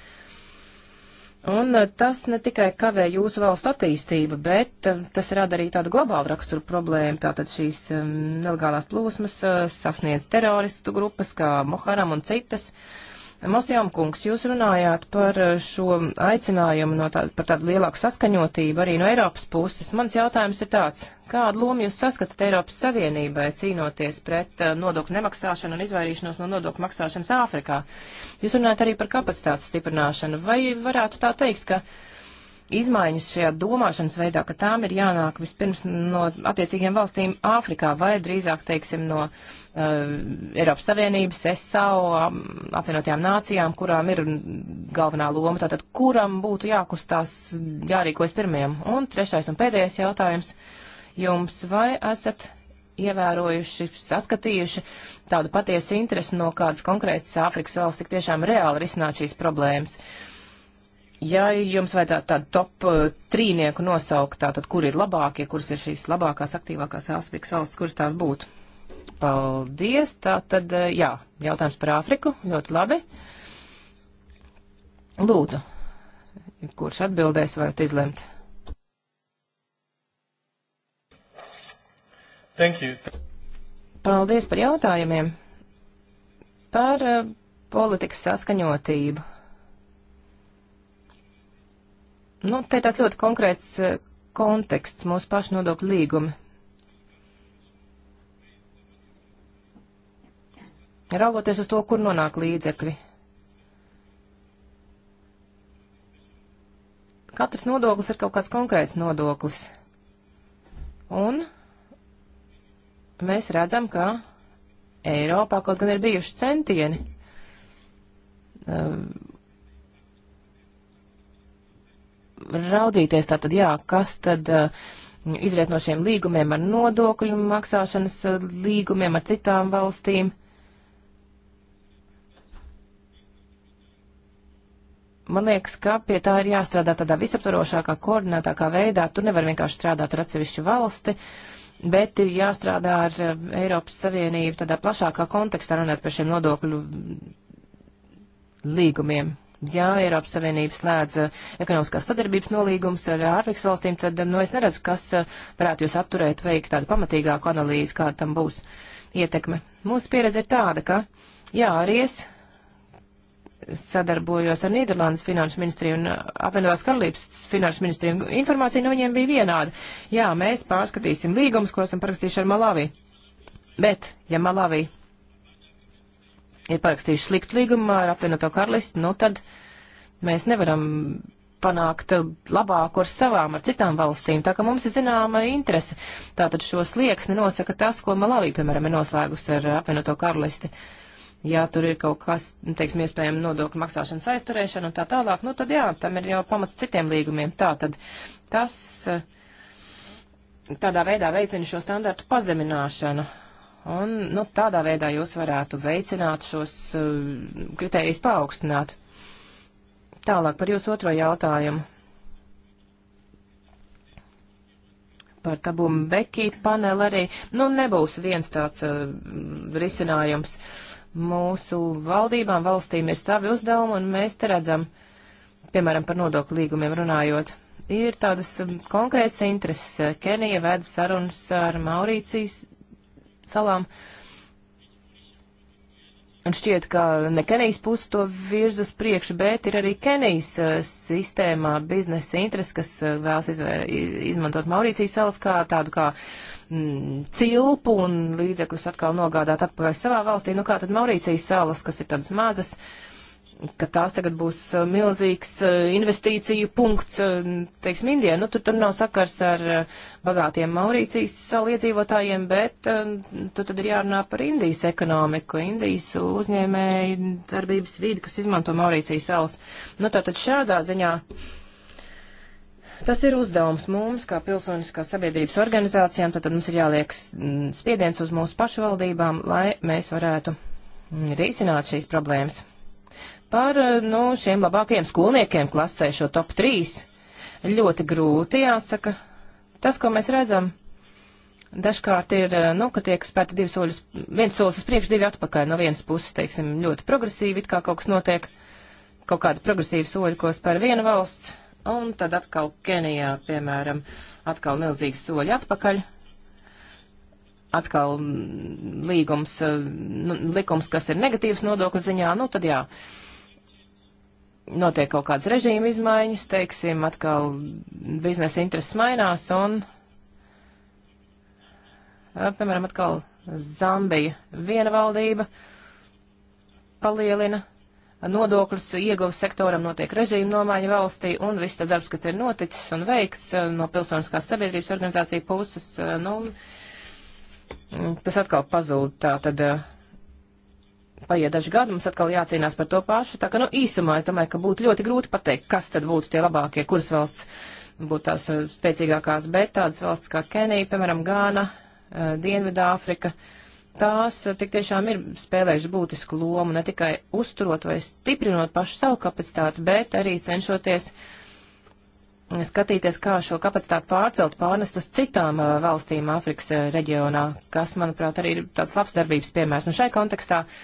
S1: Un eh, tas ne tikai kavē jūsu valstu attīstību, bet eh, tas rada arī tādu globālu raksturu problēmu. Tātad šīs nelegālās plūsmas sasniedz teroristu grupas kā Moharam un citas. Uh, Mosjām kungs, jūs runājāt par eh, šo aicinājumu, no tā, par tādu lielāku saskaņotību arī no Eiropas puses. Mans jautājums ir tāds, kādu lomu jūs saskatat Eiropas Savienībai cīnoties pret eh, nodokļu nemaksāšanu un izvairīšanos no nodokļu maksāšanas Āfrikā? Jūs runājat arī par kapacitātes stiprināšanu. Vai varētu tā teikt, ka izmaiņas šajā domāšanas veidā, ka tām ir jānāk vispirms no attiecīgiem valstīm Āfrikā vai drīzāk, teiksim, no uh, Eiropas Savienības, SAO, apvienotajām nācijām, kurām ir galvenā loma, tātad kuram būtu jākustās, jārīkojas pirmiem. Un trešais un pēdējais jautājums jums, vai esat ievērojuši, saskatījuši tādu patiesu interesi no kādas konkrētas Āfrikas valsts tik tiešām reāli risināt šīs problēmas. Uh, Ja jums vajadzētu tādu top eh, trīnieku nosaukt, tātad kur ir labākie, kuras ir šīs labākās, aktīvākās Āfrikas valsts, kuras tās būtu? Paldies, tātad, eh, jā, jautājums par Āfriku, ļoti labi. Lūdzu, kurš atbildēs, varat izlemt. Thank you. Paldies par jautājumiem. Par eh, politikas saskaņotību Nu, te tāds ļoti konkrēts eh, konteksts mūsu pašu nodokļu līgumi. Raugoties uz to, kur nonāk līdzekļi. Katrs nodoklis ir kaut kāds konkrēts nodoklis. Un mēs redzam, ka Eiropā kaut gan ir bijuši centieni eh, raudzīties tātad, jā, kas tad eh, izriet no šiem līgumiem ar nodokļu maksāšanas eh, līgumiem ar citām valstīm. man liekas, ka pie tā ir jāstrādā tādā visaptvarošākā, koordinētākā veidā. Tur nevar vienkārši strādāt ar atsevišķu valsti, bet ir jāstrādā ar eh, Eiropas Savienību tādā plašākā kontekstā, runāt par šiem nodokļu mm, līgumiem. Ja Eiropas Savienība slēdz eh, ekonomiskās sadarbības nolīgums ar ārpus valstīm, tad eh, nu, es neredzu, kas eh, varētu jūs atturēt veikt tādu pamatīgāku analīzi, kāda tam būs ietekme. Mūsu pieredze ir tāda, ka jā, arī es sadarbojos ar Nīderlandes finanšu ministriju un apvienotās karalības finanšu ministriju, un informācija no viņiem bija vienāda. Jā, mēs pārskatīsim līgumus, ko esam parakstījuši ar Malavi. Bet, ja Malavi ir parakstījuši sliktu līgumu ar apvienoto karalisti, nu tad mēs nevaram panākt labāku ar savām, ar citām valstīm. Tā kā mums ir zināma interese. Tātad šo slieksni nosaka tas, ko Malavī, piemēram, ir noslēgusi ar apvienoto karalisti. Ja tur ir kaut kas, nu, teiksim, iespējami nodokļu maksāšanas aizturēšana un tā tālāk, nu tad jā, tam ir jau pamats citiem līgumiem. Tātad tas eh, tādā veidā veicina šo standartu pazemināšanu. Un, nu, tādā veidā jūs varētu veicināt šos uh, kritērijus paaugstināt. Tālāk par jūsu otro jautājumu. Par tabumu Beki paneli arī. Nu, nebūs viens tāds uh, risinājums. Mūsu valdībām, valstīm ir savi uzdevumi, un mēs te redzam, piemēram, par nodokļu līgumiem runājot, ir tādas eh, konkrētas intereses. Kenija ved sarunas ar Maurīcijas salām. Un šķiet, ka ne Kenijas puse to virz uz priekšu, bet ir arī Kenijas uh, sistēmā biznesa interesi, kas uh, vēlas izvēr, izmantot Maurīcijas salas kā tādu kā mm, cilpu un līdzekļus atkal nogādāt atpakaļ savā valstī. Nu kā tad Maurīcijas salas, kas ir tādas mazas, uh, ka tās tagad būs uh, milzīgs uh, investīciju punkts, uh, teiksim, Indijā. Nu, tur, tur nav sakars ar bagātiem Maurīcijas saliedzīvotājiem, bet tur tad ir jārunā par Indijas ekonomiku, Indijas uzņēmēju darbības vīdi, kas izmanto Maurīcijas salas. Nu, tātad šādā ziņā. Tas ir uzdevums mums, kā pilsoniskās sabiedrības organizācijām, tad mums ir jāliek spiediens uz mūsu pašu valdībām, lai mēs varētu risināt šīs problēmas par eh, nu, šiem labākajiem skolniekiem klasē, šo top 3. Ļoti grūti jāsaka. Tas, ko mēs redzam, dažkārt ir, eh, nu, ka tiek spērta divi soļus, viens solis uz priekšu, divi atpakaļ. No vienas puses, teiksim, ļoti progresīvi, it kā kaut kas notiek, kaut kāda progresīva soļa, ko spēr viena valsts, un tad atkal Kenijā, piemēram, atkal milzīgs soļi atpakaļ. Atkal mm, līgums, nu, likums, kas ir negatīvs nodokļu ziņā, nu tad jā. Uh, notiek kaut kādas režīma izmaiņas, teiksim, atkal biznesa intereses mainās un, piemēram, atkal Zambija viena valdība palielina nodokļus ieguves sektoram, notiek režīma nomaiņa valstī un viss tas darbs, kas ir noticis un veikts no pilsoniskās sabiedrības organizācija puses, nu, tas atkal pazūd tā tad. Uh, paiet daži gadi, mums atkal jācīnās par to pašu. Tā ka, nu, īsumā es domāju, ka būtu ļoti grūti pateikt, kas tad būtu tie labākie, kuras valsts būtu tās uh, spēcīgākās, bet tādas valsts kā Kenija, piemēram, Gāna, uh, Dienvidāfrika, tās uh, tik tiešām ir spēlējuši būtisku lomu ne tikai uzturot vai stiprinot pašu savu kapacitāti, bet arī cenšoties skatīties, kā šo kapacitāti pārcelt, pārnest uz citām uh, valstīm Āfrikas uh, reģionā, kas, manuprāt, arī ir tāds labs darbības piemērs. Un šai kontekstā uh,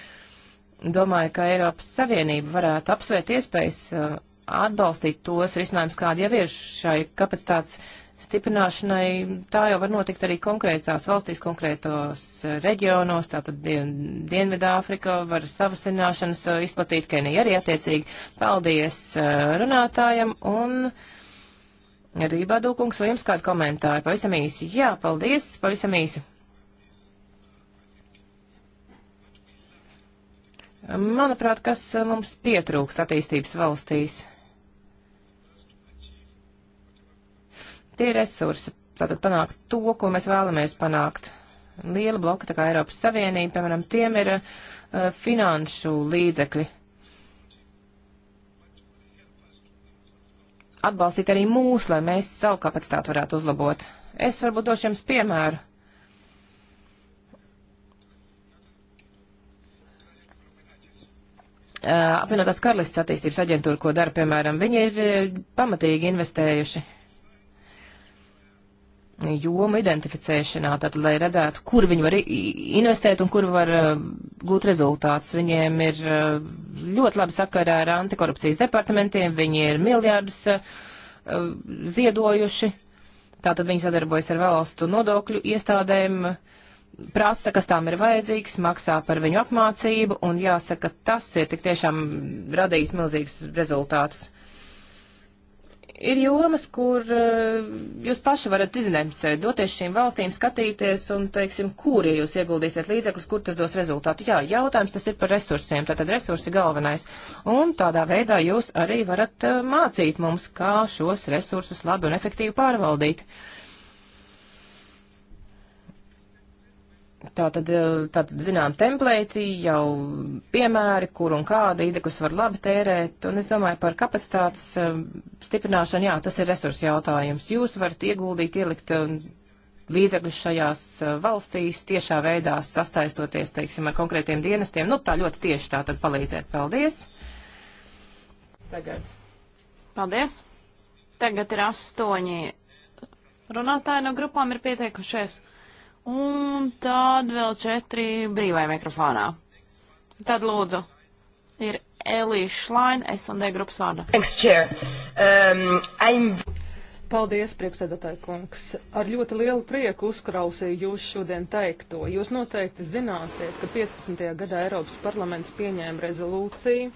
S1: Domāju, ka Eiropas Savienība varētu apsvērt iespējas uh, atbalstīt tos risinājumus, kādi jau ir šai kapacitātes stiprināšanai. Tā jau var notikt arī konkrētās valstīs, konkrētos uh, reģionos, tātad dien, Dienvidāfrika var savasināšanas uh, izplatīt, Kenija arī attiecīgi. Paldies uh, runātājam un Rībā Dūkungs, vai jums kādi komentāri? Pavisam īsi. Jā, paldies, pavisam īsi. Manuprāt, kas eh, mums pietrūkst attīstības valstīs? Tie ir resursi, tātad panākt to, ko mēs vēlamies panākt. Liela bloka, tā kā Eiropas Savienība, piemēram, tiem ir uh, finanšu līdzekļi. Atbalstīt arī mūs, lai mēs savu kapacitātu varētu uzlabot. Es varbūt došu jums piemēru. Eh, apvienotās karalistas attīstības aģentūra, ko dara, piemēram, viņi ir eh, pamatīgi investējuši jomu identificēšanā, tātad, lai redzētu, kur viņi var investēt un kur var uh, gūt rezultātus. Viņiem ir uh, ļoti labi sakarā ar antikorupcijas departamentiem, viņi ir miljārdus uh, ziedojuši, tātad viņi sadarbojas ar valstu nodokļu iestādēm. Uh, prasa, kas tām ir vajadzīgs, maksā par viņu apmācību, un jāsaka, tas ir tik tiešām radījis milzīgus rezultātus. Ir jomas, kur eh, jūs paši varat identificēt, doties šīm valstīm, skatīties un, teiksim, kur, ja jūs ieguldīsiet līdzekļus, kur tas dos rezultātu. Jā, jautājums tas ir par resursiem, tātad resursi galvenais. Un tādā veidā jūs arī varat eh, mācīt mums, kā šos resursus labi un efektīvi pārvaldīt. Uh, Tā tad, eh, tā tad zinām, templēti jau piemēri, kur un kāda idekus var labi tērēt, un es domāju par kapacitātes eh, stiprināšanu, jā, tas ir resursu jautājums. Jūs varat ieguldīt, ielikt eh, līdzekļus šajās valstīs tiešā veidā sastaistoties, teiksim, ar konkrētiem dienestiem, nu tā ļoti tieši tā tad palīdzēt. Paldies! Tagad.
S3: Paldies! Tagad ir astoņi runātāji no grupām ir pieteikušies. Un tad vēl četri brīvajā mikrofonā. Tad lūdzu, ir Elīša Šlaina, S&D grupas vārda. Thanks,
S2: Chair. Um, I'm... Paldies, priekšsēdētāji kungs. Ar ļoti lielu prieku uzkrausīju jūs šodien teikto. Jūs noteikti zināsiet, ka 15. gadā Eiropas parlaments pieņēma rezolūciju,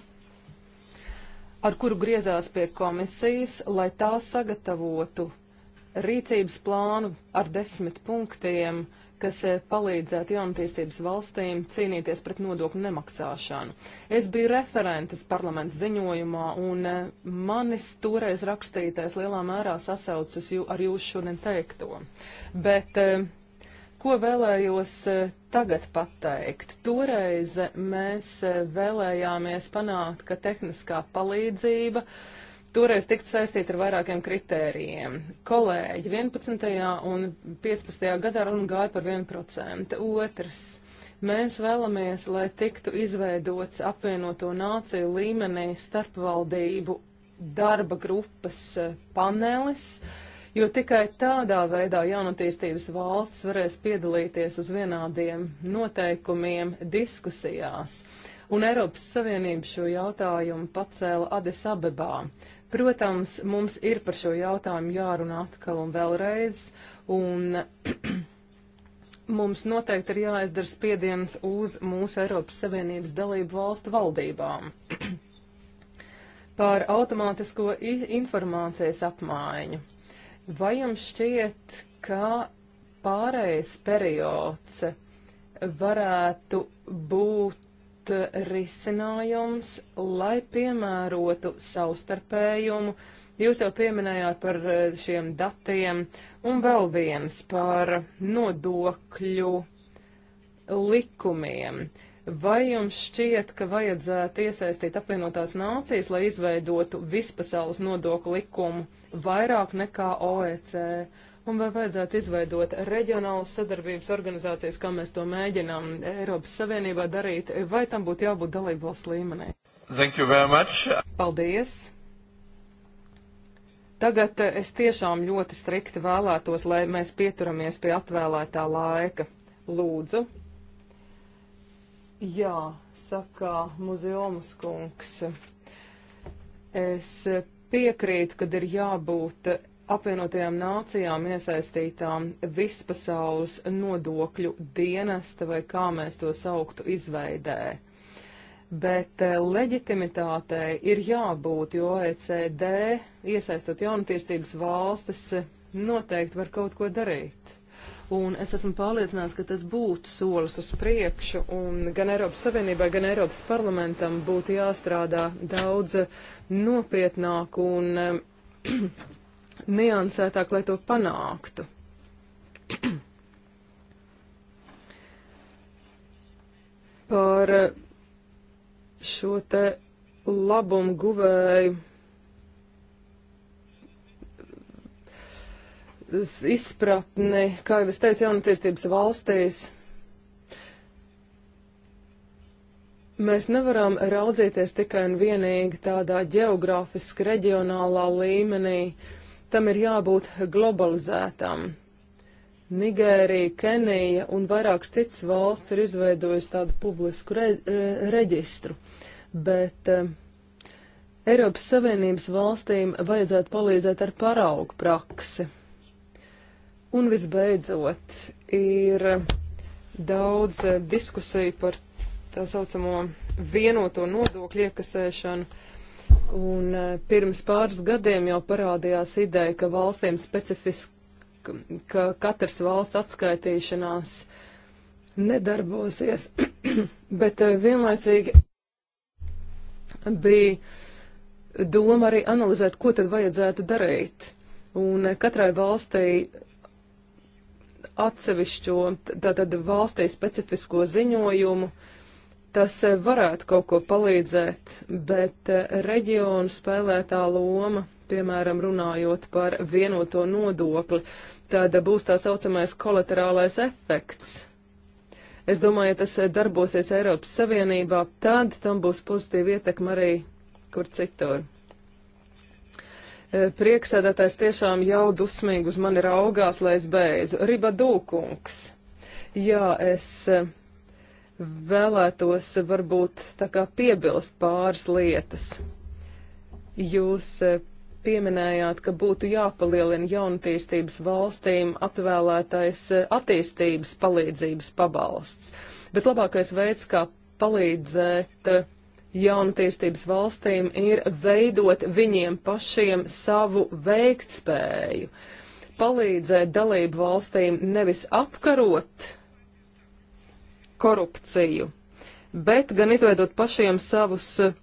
S2: ar kuru griezās pie komisijas, lai tā sagatavotu rīcības plānu ar desmit punktiem, kas eh, palīdzētu jaunatīstības valstīm cīnīties pret nodokļu nemaksāšanu. Es biju referentes parlamenta ziņojumā, un eh, manis toreiz rakstītais lielā mērā sasaucas jū, ar jūsu šodien teikto. Bet eh, ko vēlējos tagad pateikt? Toreiz mēs vēlējāmies panākt, ka tehniskā palīdzība uh, toreiz tiktu saistīta ar vairākiem kritērijiem. Kolēģi 11. un 15. gadā runa gāja par 1%. Otrs. Mēs vēlamies, lai tiktu izveidots apvienoto nāciju līmenī starpvaldību darba grupas eh, panelis, jo tikai tādā veidā jaunatīstības valsts varēs piedalīties uz vienādiem noteikumiem diskusijās. Un Eiropas Savienība šo jautājumu pacēla Adis Abebā. Protams, mums ir par šo jautājumu jārunā atkal un vēlreiz, un mums noteikti ir jāizdara spiediens uz mūsu Eiropas Savienības dalību valstu valdībām par automātisko informācijas apmaiņu. Vai jums šķiet, ka pārējais periods varētu būt būt risinājums, lai piemērotu savstarpējumu. Jūs jau pieminējāt par eh, šiem datiem, un vēl viens par nodokļu likumiem. Vai jums šķiet, ka vajadzētu iesaistīt apvienotās nācijas, lai izveidotu vispasaules nodokļu likumu vairāk nekā OECD? un vai vajadzētu izveidot reģionālas sadarbības organizācijas, kā mēs to mēģinām Eiropas Savienībā darīt, vai tam būtu jābūt dalību valsts līmenī?
S1: Thank you very much.
S2: Paldies! Tagad eh, es tiešām ļoti strikti vēlētos, lai mēs pieturamies pie atvēlētā laika. Lūdzu. Jā, saka muzeumas kungs. Es piekrītu, kad ir jābūt apvienotajām nācijām iesaistītām vispasaules nodokļu dienesta vai kā mēs to sauktu izveidē. Bet eh, leģitimitātei ir jābūt, jo OECD, iesaistot jaunatīstības valstis, noteikti var kaut ko darīt. Un es esmu pārliecināts, ka tas būtu solis uz priekšu, un gan Eiropas Savienībai, gan Eiropas parlamentam būtu jāstrādā daudz nopietnāk un eh, niansētāk, lai to panāktu. Par šo te labumu guvēju izpratni, kā jau es teicu, jaunatiestības valstīs. Mēs nevaram raudzīties tikai un vienīgi tādā geogrāfiski reģionālā līmenī, uh, tam ir jābūt globalizētam. Nigērija, Kenija un vairākas citas valsts ir izveidojusi tādu publisku re re reģistru, bet eh, Eiropas Savienības valstīm vajadzētu palīdzēt ar paraugu praksi. Un visbeidzot, ir daudz eh, diskusiju par tā saucamo vienoto nodokļu iekasēšanu Un e, pirms pāris gadiem jau parādījās ideja, ka valstīm specifiski, ka katras valsts atskaitīšanās nedarbosies, bet e, vienlaicīgi bija doma arī analizēt, ko tad vajadzētu darīt. Un e, katrai valstī atsevišķo, tātad valstī specifisko ziņojumu uh, Tas eh, varētu kaut ko palīdzēt, bet eh, reģionu spēlētā loma, piemēram, runājot par vienoto nodokli, tad būs tā saucamais kolaterālais efekts. Es domāju, ja tas eh, darbosies Eiropas Savienībā, tad tam būs pozitīva ietekma arī kur citur. Prieksēdētājs tiešām jau dusmīgi uz mani raugās, lai es beidzu. Riba Dūkungs. Jā, es vēlētos varbūt tā kā piebilst pāris lietas. Jūs eh, pieminējāt, ka būtu jāpalielina jaunatīstības valstīm atvēlētais eh, attīstības palīdzības pabalsts, bet labākais veids, kā palīdzēt eh, jaunatīstības valstīm, ir veidot viņiem pašiem savu veiktspēju, palīdzēt dalību valstīm nevis apkarot korupciju, bet gan izveidot pašiem savus eh,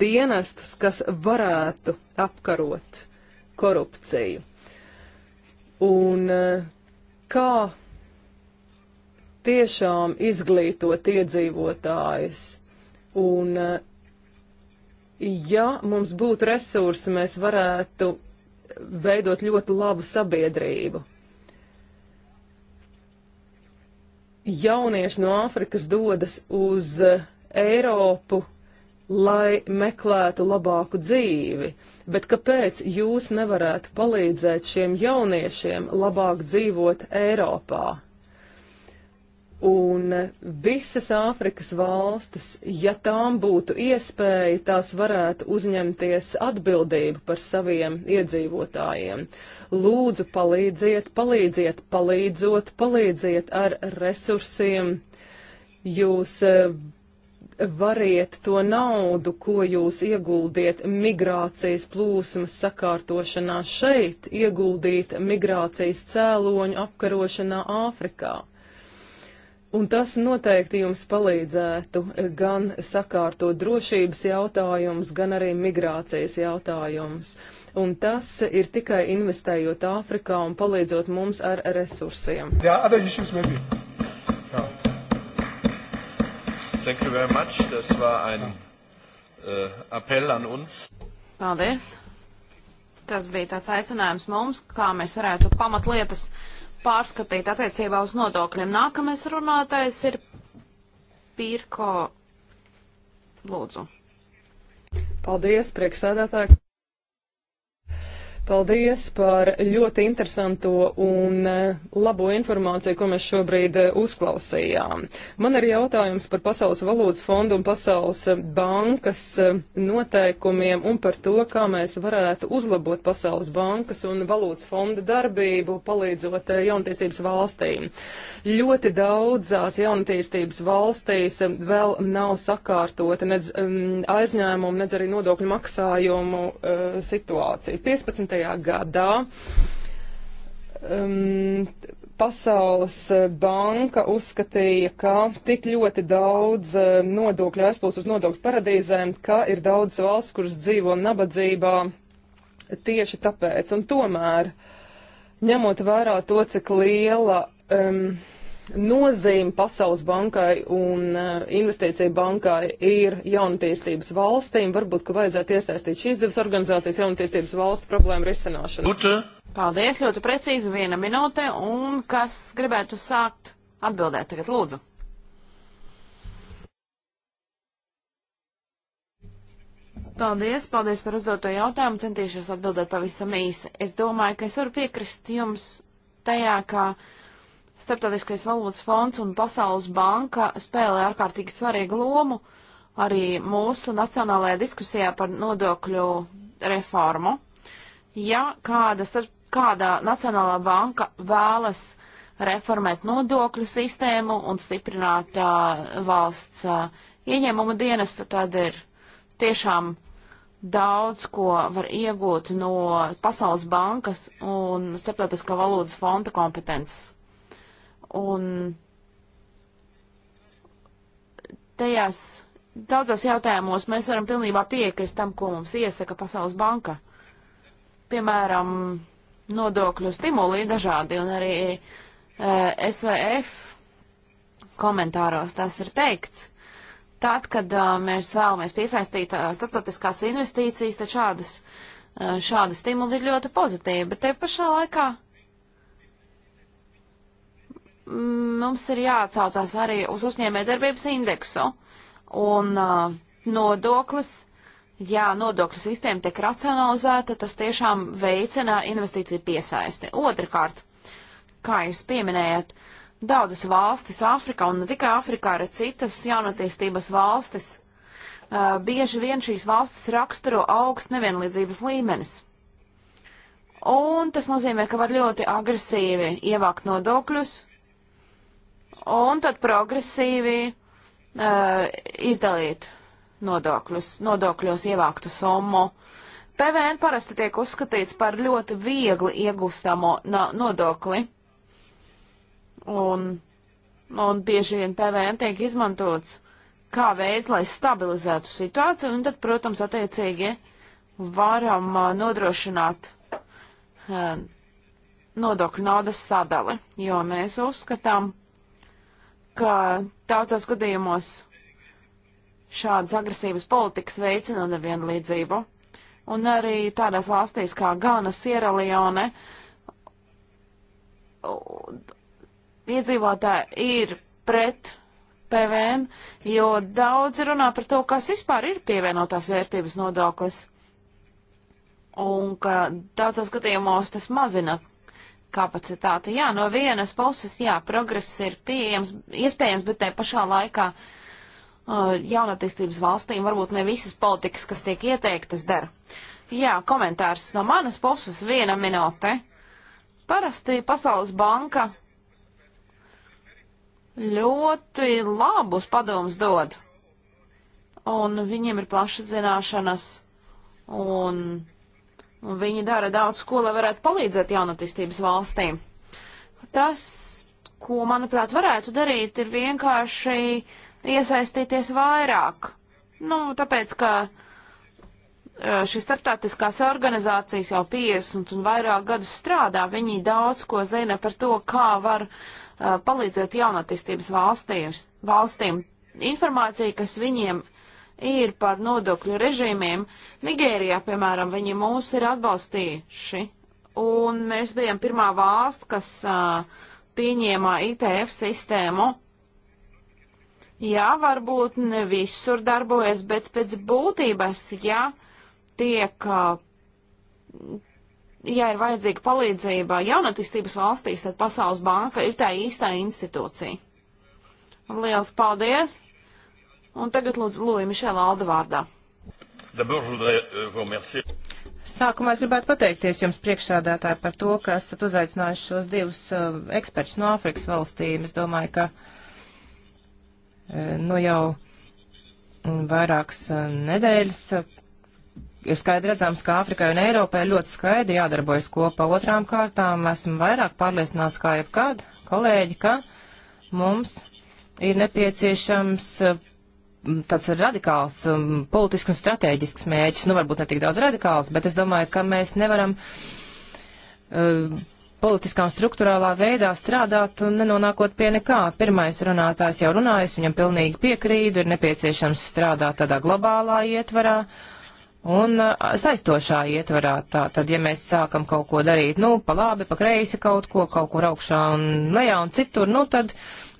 S2: dienestus, kas varētu apkarot korupciju. Un eh, kā tiešām izglītot iedzīvotājus. Un eh, ja mums būtu resursi, mēs varētu veidot ļoti labu sabiedrību. jaunieši no Āfrikas dodas uz eh, Eiropu, lai meklētu labāku dzīvi. Bet kāpēc jūs nevarētu palīdzēt šiem jauniešiem labāk dzīvot Eiropā? Un visas Āfrikas valstis, ja tām būtu iespēja, tās varētu uzņemties atbildību par saviem iedzīvotājiem. Lūdzu, palīdziet, palīdziet, palīdzot, palīdziet ar resursiem. Jūs eh, variet to naudu, ko jūs ieguldiet migrācijas plūsmas sakārtošanā šeit, ieguldīt migrācijas cēloņu apkarošanā Āfrikā. Un tas noteikti jums palīdzētu gan sakārtot drošības jautājumus, gan arī migrācijas jautājumus. Un tas ir tikai investējot Āfrikā un palīdzot mums ar resursiem. Yeah, yeah.
S1: Thank you very much. Das war ein uh, Appell an uns.
S3: Paldies. Tas bija tāds aicinājums mums, kā mēs varētu pamatlietas lietas pārskatīt attiecībā uz nodokļiem. Nākamais runātais ir Pirko
S2: Lūdzu. Paldies, prieksēdētāji! Paldies par ļoti interesanto un eh, labo informāciju, ko mēs šobrīd eh, uzklausījām. Man ir jautājums par Pasaules valūtas fondu un Pasaules eh, bankas noteikumiem un par to, kā mēs varētu uzlabot Pasaules bankas un valūtas fonda darbību, palīdzot jaunatīstības valstīm. Ļoti daudzās jaunatīstības valstīs vēl nav sakārtota nedz mm, aizņēmumu, nedz arī nodokļu maksājumu uh, situācija. 15 gadā um, Pasaules banka uzskatīja, ka tik ļoti daudz um, nodokļu aizplūst uz nodokļu paradīzēm, ka ir daudz valsts, kuras dzīvo nabadzībā tieši tāpēc. Un tomēr, ņemot vērā to, cik liela um, nozīme Pasaules bankai un eh, investīcija bankai ir jaunatīstības valstīm. Varbūt, ka vajadzētu iesaistīt šīs divas organizācijas jaunatīstības valstu problēmu risināšanu. Buta.
S3: Paldies, ļoti precīzi, viena minūte. Un kas gribētu sākt atbildēt tagad, lūdzu? Paldies, paldies par uzdoto jautājumu. Centīšos atbildēt pavisam īsi. Es domāju, ka es varu piekrist jums tajā, ka. Kā Startautiskais valūtas fonds un Pasaules banka spēlē ārkārtīgi svarīgu lomu arī mūsu nacionālajā diskusijā par nodokļu reformu. Ja kāda, starp, kāda nacionālā banka vēlas reformēt nodokļu sistēmu un stiprināt uh, valsts uh, ieņēmumu dienestu, tad ir tiešām daudz ko var iegūt no Pasaules bankas un Starptautiskā valūtas fonda kompetences. Un tajās daudzos jautājumos mēs varam pilnībā piekrist tam, ko mums iesaka Pasaules banka. Piemēram, nodokļu stimuli dažādi un arī e, eh, SVF komentāros tas ir teikts. Tad, kad a, eh, mēs vēlamies piesaistīt a, eh, starptautiskās investīcijas, tad šādas, a, šādi stimuli ir ļoti pozitīvi, bet te pašā laikā mums ir jāatsautās arī uz uzņēmējdarbības indeksu. Un uh, nodoklis, jā, nodokļu sistēma tiek racionalizēta, tas tiešām veicina investīciju piesaisti. Otrakārt, kā jūs pieminējat, daudzas valstis Āfrikā un ne tikai Āfrikā, arī citas jaunatīstības valstis, uh, bieži vien šīs valstis raksturo augsts nevienlīdzības līmenis. Un tas nozīmē, ka var ļoti agresīvi ievākt nodokļus, un tad progresīvi uh, izdalīt nodokļus, nodokļos ievāktu summu. PVN parasti tiek uzskatīts par ļoti viegli iegūstamo nodokli, un, un bieži vien PVN tiek izmantots kā veids, lai stabilizētu situāciju, un tad, protams, attiecīgi varam uh, nodrošināt uh, nodokļu naudas sadali, jo mēs uzskatām, ka daudzos gadījumos šādas agresīvas politikas veicina nevienlīdzību. Un arī tādās valstīs kā Gana, Sierra Leone iedzīvotāji ir pret PVN, jo daudzi runā par to, kas vispār ir pievienotās vērtības nodoklis. Un ka daudzos gadījumos tas mazina kapacitāti. Jā, no vienas puses, jā, progress ir pieejams, iespējams, bet te pašā laikā uh, jaunatīstības valstīm varbūt ne visas politikas, kas tiek ieteiktas, dara. Jā, komentārs no manas puses viena minūte. Parasti Pasaules banka ļoti labus padomus dod, un viņiem ir plašas zināšanas, un Un viņi dara daudz ko, lai varētu palīdzēt jaunatīstības valstīm. Tas, ko, manuprāt, varētu darīt, ir vienkārši iesaistīties vairāk. Nu, tāpēc, ka e, šīs starptautiskās organizācijas jau 50 un vairāk gadus strādā, viņi daudz ko zina par to, kā var uh, palīdzēt jaunatīstības valstīm. Informācija, kas viņiem ir ir par nodokļu režīmiem. Nigērijā, piemēram, viņi mūs ir atbalstījuši, un mēs bijām pirmā valsts, kas uh, pieņēma ITF sistēmu. Jā, varbūt ne visur darbojas, bet pēc būtības, ja tiek, uh, ja ir vajadzīga palīdzība jaunatistības valstīs, tad Pasaules banka ir tā īstā institūcija. Liels paldies! Un tagad
S1: lūdzu Lūja Mišela Alda vārdā. Euh, Sākumā es gribētu pateikties jums priekšsādātāji par to, ka esat uzaicinājuši šos divus uh, ekspertus no Āfrikas valstīm. Es domāju, ka uh, nu jau vairākas uh, nedēļas uh, ir skaidri redzams, ka Āfrikai un Eiropai ļoti skaidri jādarbojas kopā. Otrām kārtām esmu vairāk pārliecināts kā jebkad, kolēģi, ka mums ir nepieciešams uh, tāds radikāls um, politisks un strateģisks mēģis, nu varbūt ne tik daudz radikāls, bet es domāju, ka mēs nevaram uh, politiskā un struktūrālā veidā strādāt un nenonākot pie nekā. Pirmais runātājs jau runājas, viņam pilnīgi piekrīdu, ir nepieciešams strādāt tādā globālā ietvarā. Un uh, saistošā ietvarā tā, tad, ja mēs sākam kaut ko darīt, nu, pa labi, pa kreisi kaut ko, kaut kur augšā un lejā un citur, nu, tad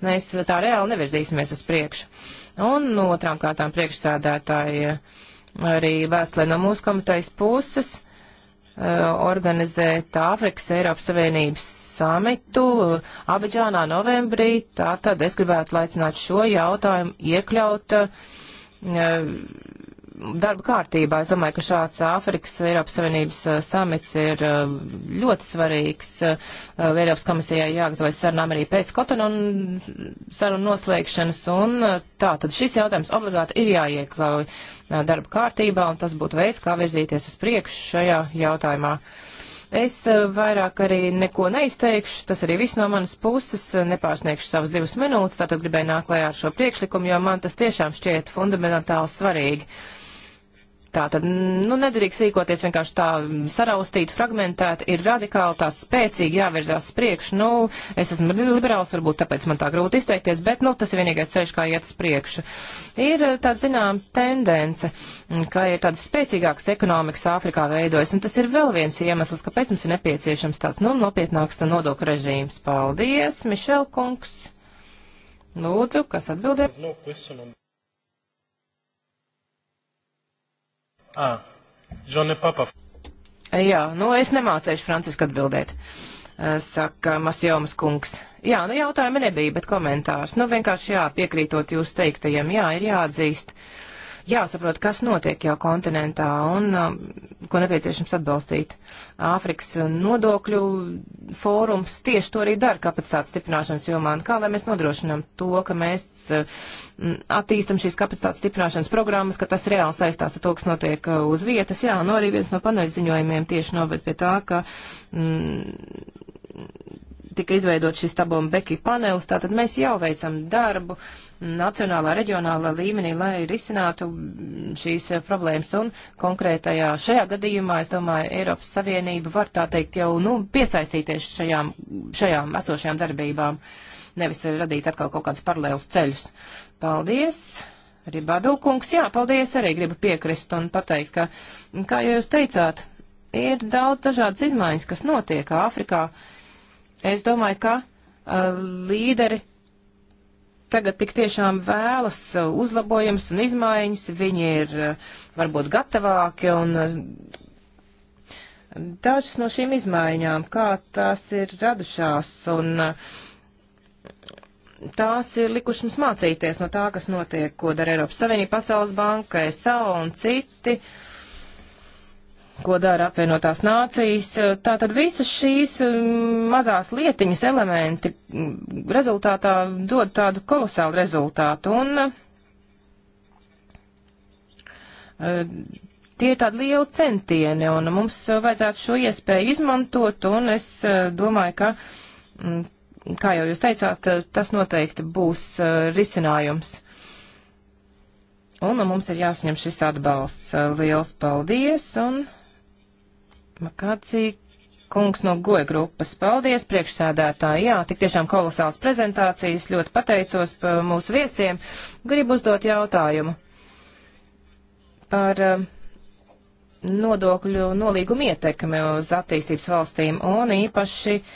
S1: mēs tā reāli nevirzīsimies uz priekšu. Un no otrām kārtām priekšsēdētāji arī vēstulē no mūsu komitejas puses eh, organizēt Āfrikas Eiropas Savienības samitu Abidžānā novembrī. Tātad es gribētu laicināt šo jautājumu iekļaut eh, darba kārtībā. Es domāju, ka šāds Āfrikas Eiropas Savienības uh, samits ir uh, ļoti svarīgs. Uh, Eiropas komisijai jāgatavojas sarunām arī pēc kotona un mm, sarunu noslēgšanas. Un tā, tad šis jautājums obligāti ir jāiekļauj darba kārtībā, un tas būtu veids, kā virzīties uz priekšu šajā jautājumā. Es vairāk arī neko neizteikšu, tas arī viss no manas puses, nepārsniegšu savas divas minūtes, tātad gribēju nākt klajā ar šo priekšlikumu, jo man tas tiešām šķiet fundamentāli svarīgi. Uh, Tā tad, nu, nedrīkst rīkoties vienkārši tā saraustīt, fragmentēt, ir radikāli tā spēcīgi jāvirzās priekš. Nu, es esmu liberāls, varbūt tāpēc man tā grūti izteikties, bet, nu, tas ir vienīgais ceļš, kā iet uz priekšu. Ir eh, tāda, zinām, tendence, ka ir tādas spēcīgākas ekonomikas Āfrikā veidojas, un tas ir vēl viens iemesls, kāpēc mums ir nepieciešams tāds, nu, nopietnāks tā nodokļu režīms. Paldies, Mišel kungs! Lūdzu, kas atbildē?
S2: Ah, Jā,
S1: nu es nemācēšu Francisku atbildēt, saka Masjomas kungs. Jā, nu jautājumi nebija, bet komentārs. Nu vienkārši jā, piekrītot jūs teiktajiem, jā, ir jāatzīst. Uh, jāsaprot, kas notiek jau kontinentā un um, ko nepieciešams atbalstīt. Āfrikas nodokļu fórums tieši to arī dara kapacitātes stiprināšanas jomā. Un kā lai mēs nodrošinām to, ka mēs uh, attīstam šīs kapacitātes stiprināšanas programmas, ka tas reāli saistās ar to, kas notiek uh, uz vietas. Jā, un nu arī viens no paneļziņojumiem tieši noved pie tā, ka. Mm, tika izveidot šis Tabula Beki panelis, tātad mēs jau veicam darbu nacionālā, reģionālā līmenī, lai risinātu šīs problēmas. Un konkrētajā šajā gadījumā, es domāju, Eiropas Savienība var tā teikt jau nu, piesaistīties šajām, šajām esošajām darbībām, nevis radīt atkal kaut kādus paralēlus ceļus. Paldies! Ribadulkungs, jā, paldies, arī gribu piekrist un pateikt, ka, kā jūs teicāt, ir daudz dažādas izmaiņas, kas notiek Āfrikā. Uh, Es domāju, ka uh, līderi tagad tik tiešām vēlas uh, uzlabojums un izmaiņas, viņi ir uh, varbūt gatavāki un uh, dažas no šīm izmaiņām, kā tās ir radušās un uh, tās ir likuši mums mācīties no tā, kas notiek, ko dara Eiropas Savienība, Pasaules banka, ESA un citi. Uh, ko dara apvienotās nācijas. Eh, tātad visas šīs eh, mazās lietiņas elementi mm, rezultātā dod tādu kolosālu rezultātu. Un, eh, Tie ir tādi lieli centieni, un mums vajadzētu šo iespēju izmantot, un es domāju, ka, mm, kā jau jūs teicāt, tas noteikti būs risinājums. Un, un mums ir jāsņem šis atbalsts. Liels paldies! Un... Makācī kungs no goja grupas. Paldies, priekšsēdētāji. Jā, tik tiešām kolosāls prezentācijas. Ļoti pateicos par mūsu viesiem. Gribu uzdot jautājumu par eh, nodokļu nolīgumu ietekmi uz attīstības valstīm un īpaši uh,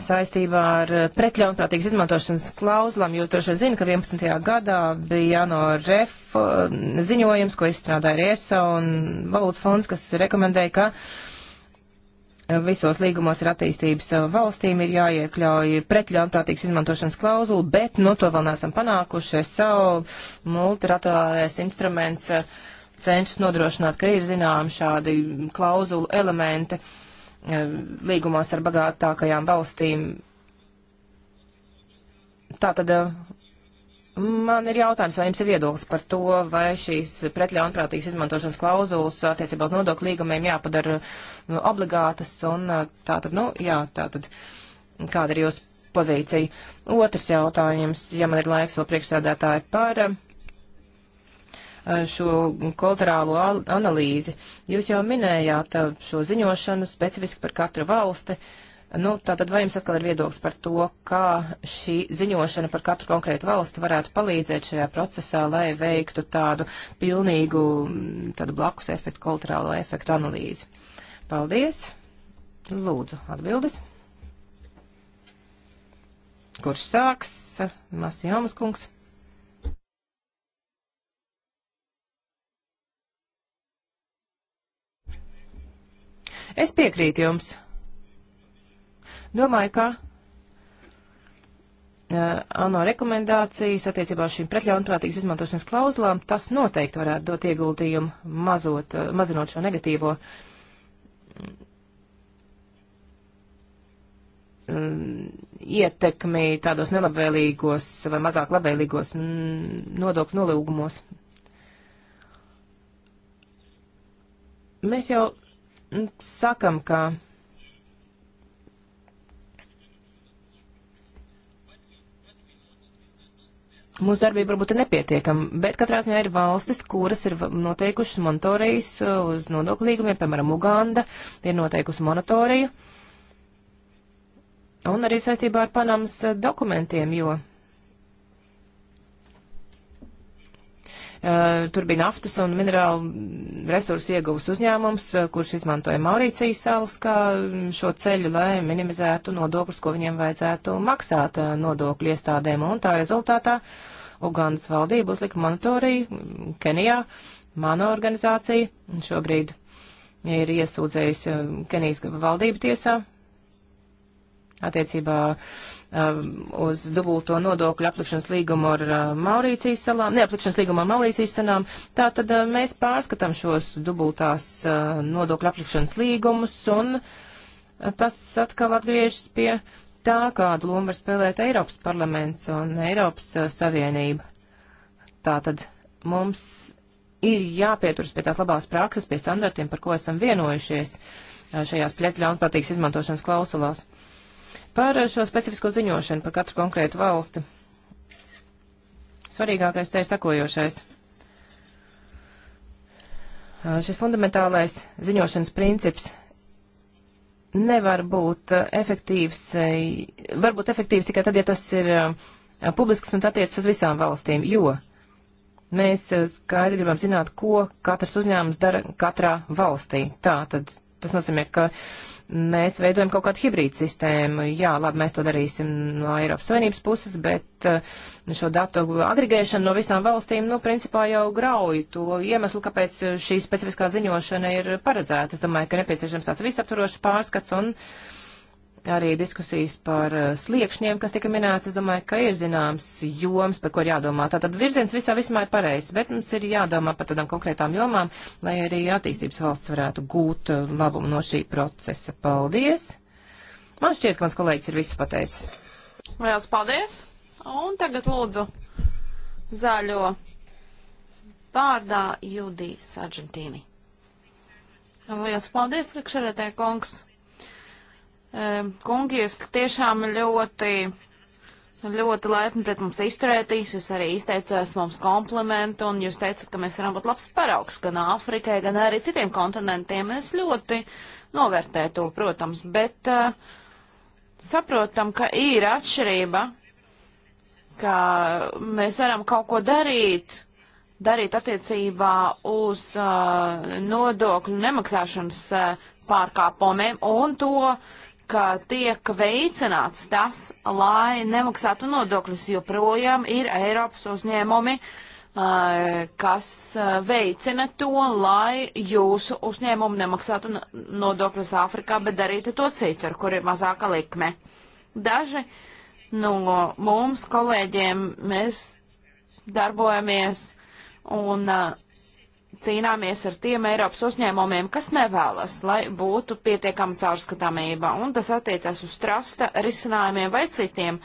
S1: saistībā ar eh, pretļaunprātīgas izmantošanas klauzulām. Jūs droši vien zina, ka 11. gadā bija ANO ref eh, ziņojums, ko izstrādāja Riesa un Valūtas fonds, kas rekomendēja, ka visos līgumos ar attīstības eh, valstīm ir jāiekļauj pretļaunprātīgas izmantošanas klauzulu, bet no nu, to vēl neesam panākuši. Es savu multilaterālais instruments cenšas nodrošināt, ka ir zinām šādi klauzulu elementi. Uh, Eh, līgumos ar bagātākajām valstīm. Tātad eh, man ir jautājums, vai jums ir viedoklis par to, vai šīs pretļaunprātīgas izmantošanas klauzulas attiecībā uz nodokļu līgumiem jāpadara nu, obligātas un eh, tātad, nu, jā, tātad, kāda ir jūsu pozīcija? Otrs jautājums, ja man ir laiks vēl priekšsēdētāji par. Uh, Eh, šo kulturālo analīzi. Jūs jau minējāt eh, šo ziņošanu specifiski par katru valsti. Nu, tātad vai jums atkal ir viedoklis par to, kā šī ziņošana par katru konkrētu valsti varētu palīdzēt šajā procesā, lai veiktu tādu pilnīgu mm, tādu blakus efektu, kulturālo efektu analīzi? Paldies! Lūdzu, atbildes. Kurš sāks? Masijāmas kungs. Es piekrītu jums. Domāju, ka uh, ANO rekomendācijas attiecībā uz šīm pretļaunprātīgas izmantošanas klauzulām, tas noteikti varētu dot ieguldījumu mazot, uh, mazinot šo negatīvo mm, ietekmi tādos nelabvēlīgos vai mazāk labvēlīgos mm, nodokļu nolūgumos. Mēs jau sakam, ka mūsu darbība varbūt ir nepietiekama, bet katrā ziņā ir valstis, kuras ir noteikušas monitorijas uh, uz nodokļu līgumiem, piemēram, Uganda ir noteikusi monitoriju. Un arī saistībā ar Panamas uh, dokumentiem, jo Uh, tur bija naftas un minerālu resursu ieguvas uzņēmums, uh, kurš izmantoja Maurīcijas salas kā mm, šo ceļu, lai minimizētu nodokļus, ko viņiem vajadzētu maksāt uh, nodokļu iestādēm. Un tā rezultātā Ugandas valdība uzlika monitoriju mm, Kenijā, mana organizācija, šobrīd ir iesūdzējusi Kenijas valdību tiesā attiecībā Um, uz dubulto nodokļu aplikšanas līgumu ar uh, Maurīcijas salām, neaplikšanas līgumu ar Maurīcijas salām. Tā tad uh, mēs pārskatām šos dubultās uh, nodokļu aplikšanas līgumus un tas atkal atgriežas pie tā, kādu lomu var spēlēt Eiropas parlaments un Eiropas Savienība. Tā tad mums ir jāpieturas pie tās labās prakses, pie standartiem, par ko esam vienojušies šajās pļaķļaunprātīgas izmantošanas klausulās. Uh, Par šo specifisko ziņošanu par katru konkrētu valsti. Svarīgākais te ir sakojošais. Šis fundamentālais ziņošanas princips nevar būt efektīvs, var būt efektīvs tikai tad, ja tas ir publisks un attiecas uz visām valstīm, jo mēs skaidri gribam zināt, ko katrs uzņēmums dara katrā valstī. Tā tad tas nozīmē, ka mēs veidojam kaut kādu hibrīdu sistēmu. Jā, labi, mēs to darīsim no Eiropas Savienības puses, bet uh, šo datu agregēšanu no visām valstīm, nu, principā jau grauj to iemeslu, kāpēc šī specifiskā ziņošana ir paredzēta. Es domāju, ka nepieciešams tāds visaptvarošs pārskats un. Uh, arī diskusijas par eh, sliekšņiem, kas tika minēts, es domāju, ka ir zināms joms, par ko ir jādomā. Tātad virziens visā vismā ir pareizs, bet mums ir jādomā par tādām konkrētām jomām, lai arī attīstības valsts varētu gūt eh, labumu no šī procesa. Paldies! Man šķiet, ka mans kolēģis ir viss pateicis.
S3: Lielas paldies! Un tagad lūdzu zaļo vārdā Judī Sargentīni. Lielas paldies, priekšsēdētāji kungs! Ehm, kungi, jūs tiešām ļoti, ļoti laipni pret mums izturētīs. Jūs arī izteicās mums komplimentu un jūs teicat, ka mēs varam būt labs paraugs gan Āfrikai, gan arī citiem kontinentiem. Es ļoti novērtēju to, protams, bet uh, saprotam, ka ir atšķirība, ka mēs varam kaut ko darīt darīt attiecībā uz uh, nodokļu nemaksāšanas uh, pārkāpumiem un to ka tiek veicināts tas, lai nemaksātu nodokļus, jo projām ir Eiropas uzņēmumi, kas veicina to, lai jūsu uzņēmumi nemaksātu nodokļus Āfrikā, bet darītu to citur, kur ir mazāka likme. Daži no nu, mums, kolēģiem, mēs darbojamies un uh, cīnāmies ar tiem Eiropas uzņēmumiem, kas nevēlas, lai būtu pietiekama caurskatāmība, un tas attiecas uz trasta risinājumiem vai citiem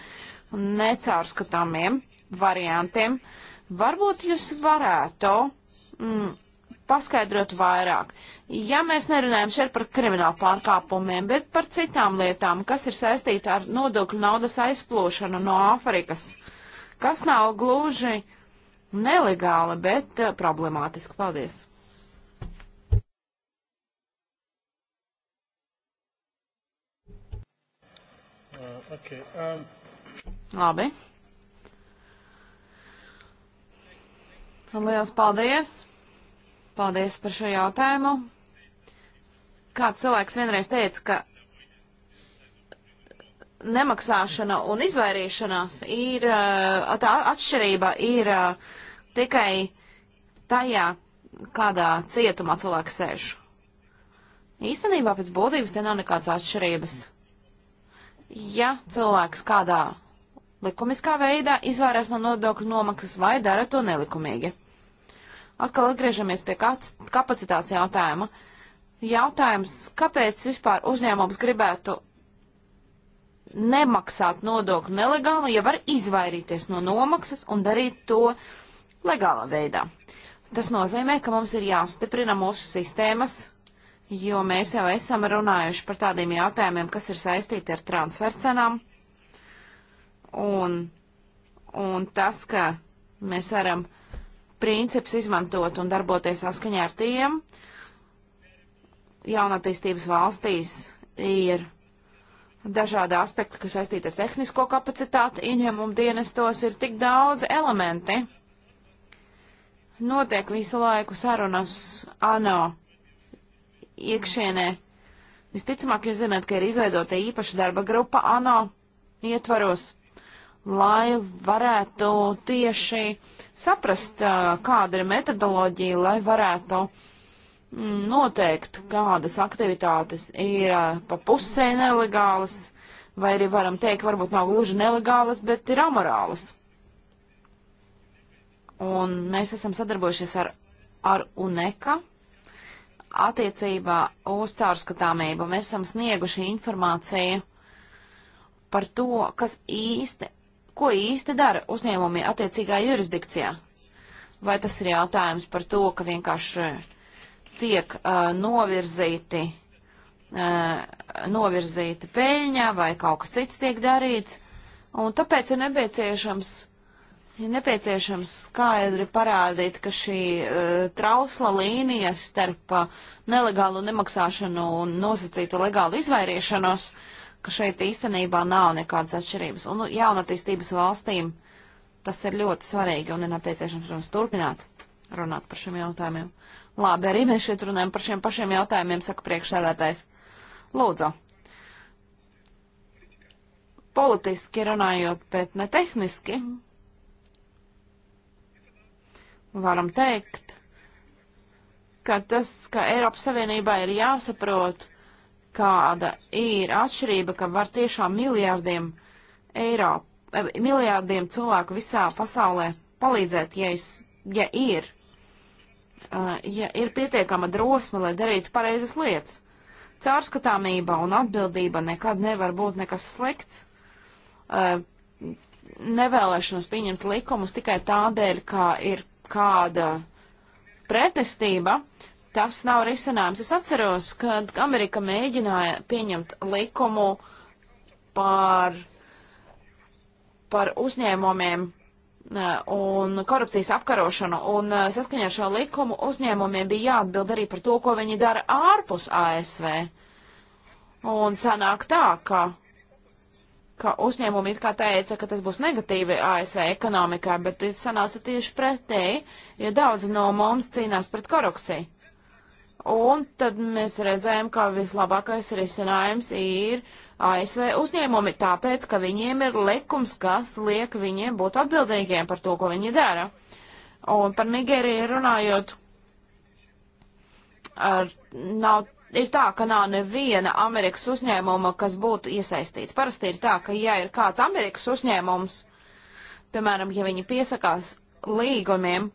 S3: necaurskatāmiem variantiem. Varbūt jūs varētu mm, paskaidrot vairāk. Ja mēs nerunājam šeit par kriminālu pārkāpumiem, bet par citām lietām, kas ir saistīta ar nodokļu naudas aizplūšanu no Āfrikas, kas nav gluži uh, nelegāla, bet eh, problemātiska. Paldies!
S2: Uh, okay, um...
S3: Labi. Liels paldies! Paldies par šo jautājumu. Kāds cilvēks vienreiz teica, ka nemaksāšana un izvairīšanās ir, tā atšķirība ir tikai tajā, kādā cietumā cilvēks sēž. Īstenībā pēc būtības te nav nekādas atšķirības. Ja cilvēks kādā likumiskā veidā izvairās no nodokļu nomaksas vai dara to nelikumīgi. Atkal atgriežamies pie kapacitātes jautājuma. Jautājums, kāpēc vispār uzņēmums gribētu nemaksāt nodokli nelegāli, ja var izvairīties no nomaksas un darīt to legālā veidā. Tas nozīmē, ka mums ir jāstiprina mūsu sistēmas, jo mēs jau esam runājuši par tādiem jautājumiem, kas ir saistīti ar transfercenām. Un, un tas, ka mēs varam princips izmantot un darboties saskaņā ar tiem, jaunatīstības valstīs ir dažādi aspekti, kas saistīti ar tehnisko kapacitāti, ieņēmumu dienestos, ir tik daudz elementi. Notiek visu laiku sarunas ANO iekšienē. Visticamāk, jūs zināt, ka ir izveidota īpaša darba grupa ANO ietvaros, lai varētu tieši saprast, kāda ir metodoloģija, lai varētu uh, noteikt, kādas aktivitātes ir eh, pa pusē nelegālas, vai arī varam teikt, varbūt nav gluži nelegālas, bet ir amorālas. Un mēs esam sadarbojušies ar, ar UNECA attiecībā uz caurskatāmību. Mēs esam snieguši informāciju par to, kas īsti, ko īsti dara uzņēmumi attiecīgā jurisdikcijā. Vai tas ir jautājums par to, ka vienkārši tiek uh, novirzīti, uh, novirzīti peļņā vai kaut kas cits tiek darīts, un tāpēc ir nepieciešams, ir nepieciešams skaidri parādīt, ka šī uh, trausla līnija starp uh, nelegālu nemaksāšanu un nosacītu legālu izvairīšanos, ka šeit īstenībā nav nekādas atšķirības. Un nu, jaunatīstības valstīm tas ir ļoti svarīgi un ir nepieciešams, protams, turpināt runāt par šiem jautājumiem. Labi, arī mēs šeit runājam par šiem pašiem jautājumiem, saka priekšsēdētājs. Lūdzu. Politiski runājot, bet ne tehniski, varam teikt, ka tas, ka Eiropas Savienībā ir jāsaprot, kāda ir atšķirība, ka var tiešām miljārdiem eiro, eh, miljārdiem cilvēku visā pasaulē palīdzēt, ja, es, ja ir Uh, ja ir pietiekama drosme, lai darītu pareizas lietas. Cārskatāmība un atbildība nekad nevar būt nekas slikts. Uh, Nevēlēšanos pieņemt likumus tikai tādēļ, ka ir kāda pretestība, tas nav risinājums. Es atceros, kad Amerika mēģināja pieņemt likumu par, par uzņēmumiem, un korupcijas apkarošanu, un saskaņā ar šo likumu uzņēmumiem bija jāatbild arī par to, ko viņi dara ārpus ASV. Un sanāk tā, ka, ka uzņēmumi it kā teica, ka tas būs negatīvi ASV ekonomikā, bet tas sanāca tieši pretēji, jo daudzi no mums cīnās pret korupciju. Un tad mēs redzējām, ka vislabākais risinājums ir uh, ASV uzņēmumi, tāpēc, ka viņiem ir likums, kas liek viņiem būt atbildīgiem par to, ko viņi dara. Un par Nigēriju runājot, ar, nav, ir tā, ka nav neviena Amerikas uzņēmuma, kas būtu iesaistīts. Parasti ir tā, ka ja ir kāds Amerikas uzņēmums, piemēram, ja viņi piesakās līgumiem,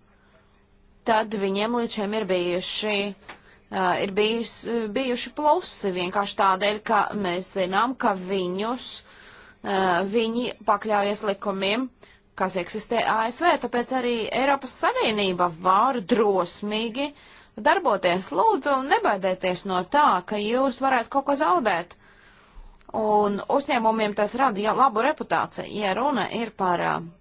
S3: tad viņiem līdz šiem ir bijuši uh, uh, ir bijis, eh, bijuši plusi vienkārši tādēļ, ka mēs zinām, ka viņus, uh, viņi pakļaujas likumiem, kas eksistē ASV, tāpēc arī Eiropas Savienība var drosmīgi darboties. Lūdzu, nebaidieties no tā, ka jūs varētu kaut ko zaudēt. Un uzņēmumiem tas rada labu reputāciju, ja runa ir par uh,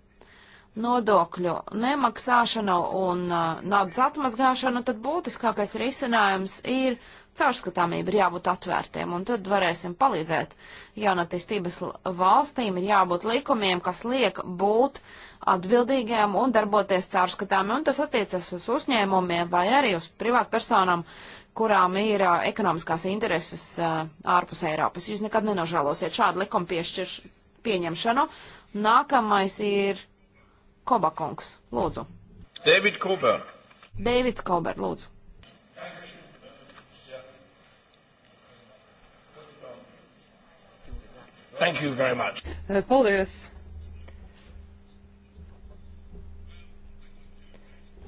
S3: nodokļu nemaksāšanu un uh, naudas atmazgāšanu, tad būtiskākais risinājums ir caurskatāmība, ir jābūt atvērtiem, un tad varēsim palīdzēt jaunatīstības valstīm, ir jābūt likumiem, kas liek būt atbildīgiem un darboties caurskatāmi, un tas attiecas uz uzņēmumiem vai arī uz privātpersonām, kurām ir uh, ekonomiskās intereses uh, ārpus Eiropas. Jūs nekad nenožēlosiet šādu likumu piešķirš, pieņemšanu. Nākamais ir Kobakungs, lūdzu.
S1: David Kober.
S3: Davids Kober, lūdzu.
S2: Thank you very much. Eh, paldies.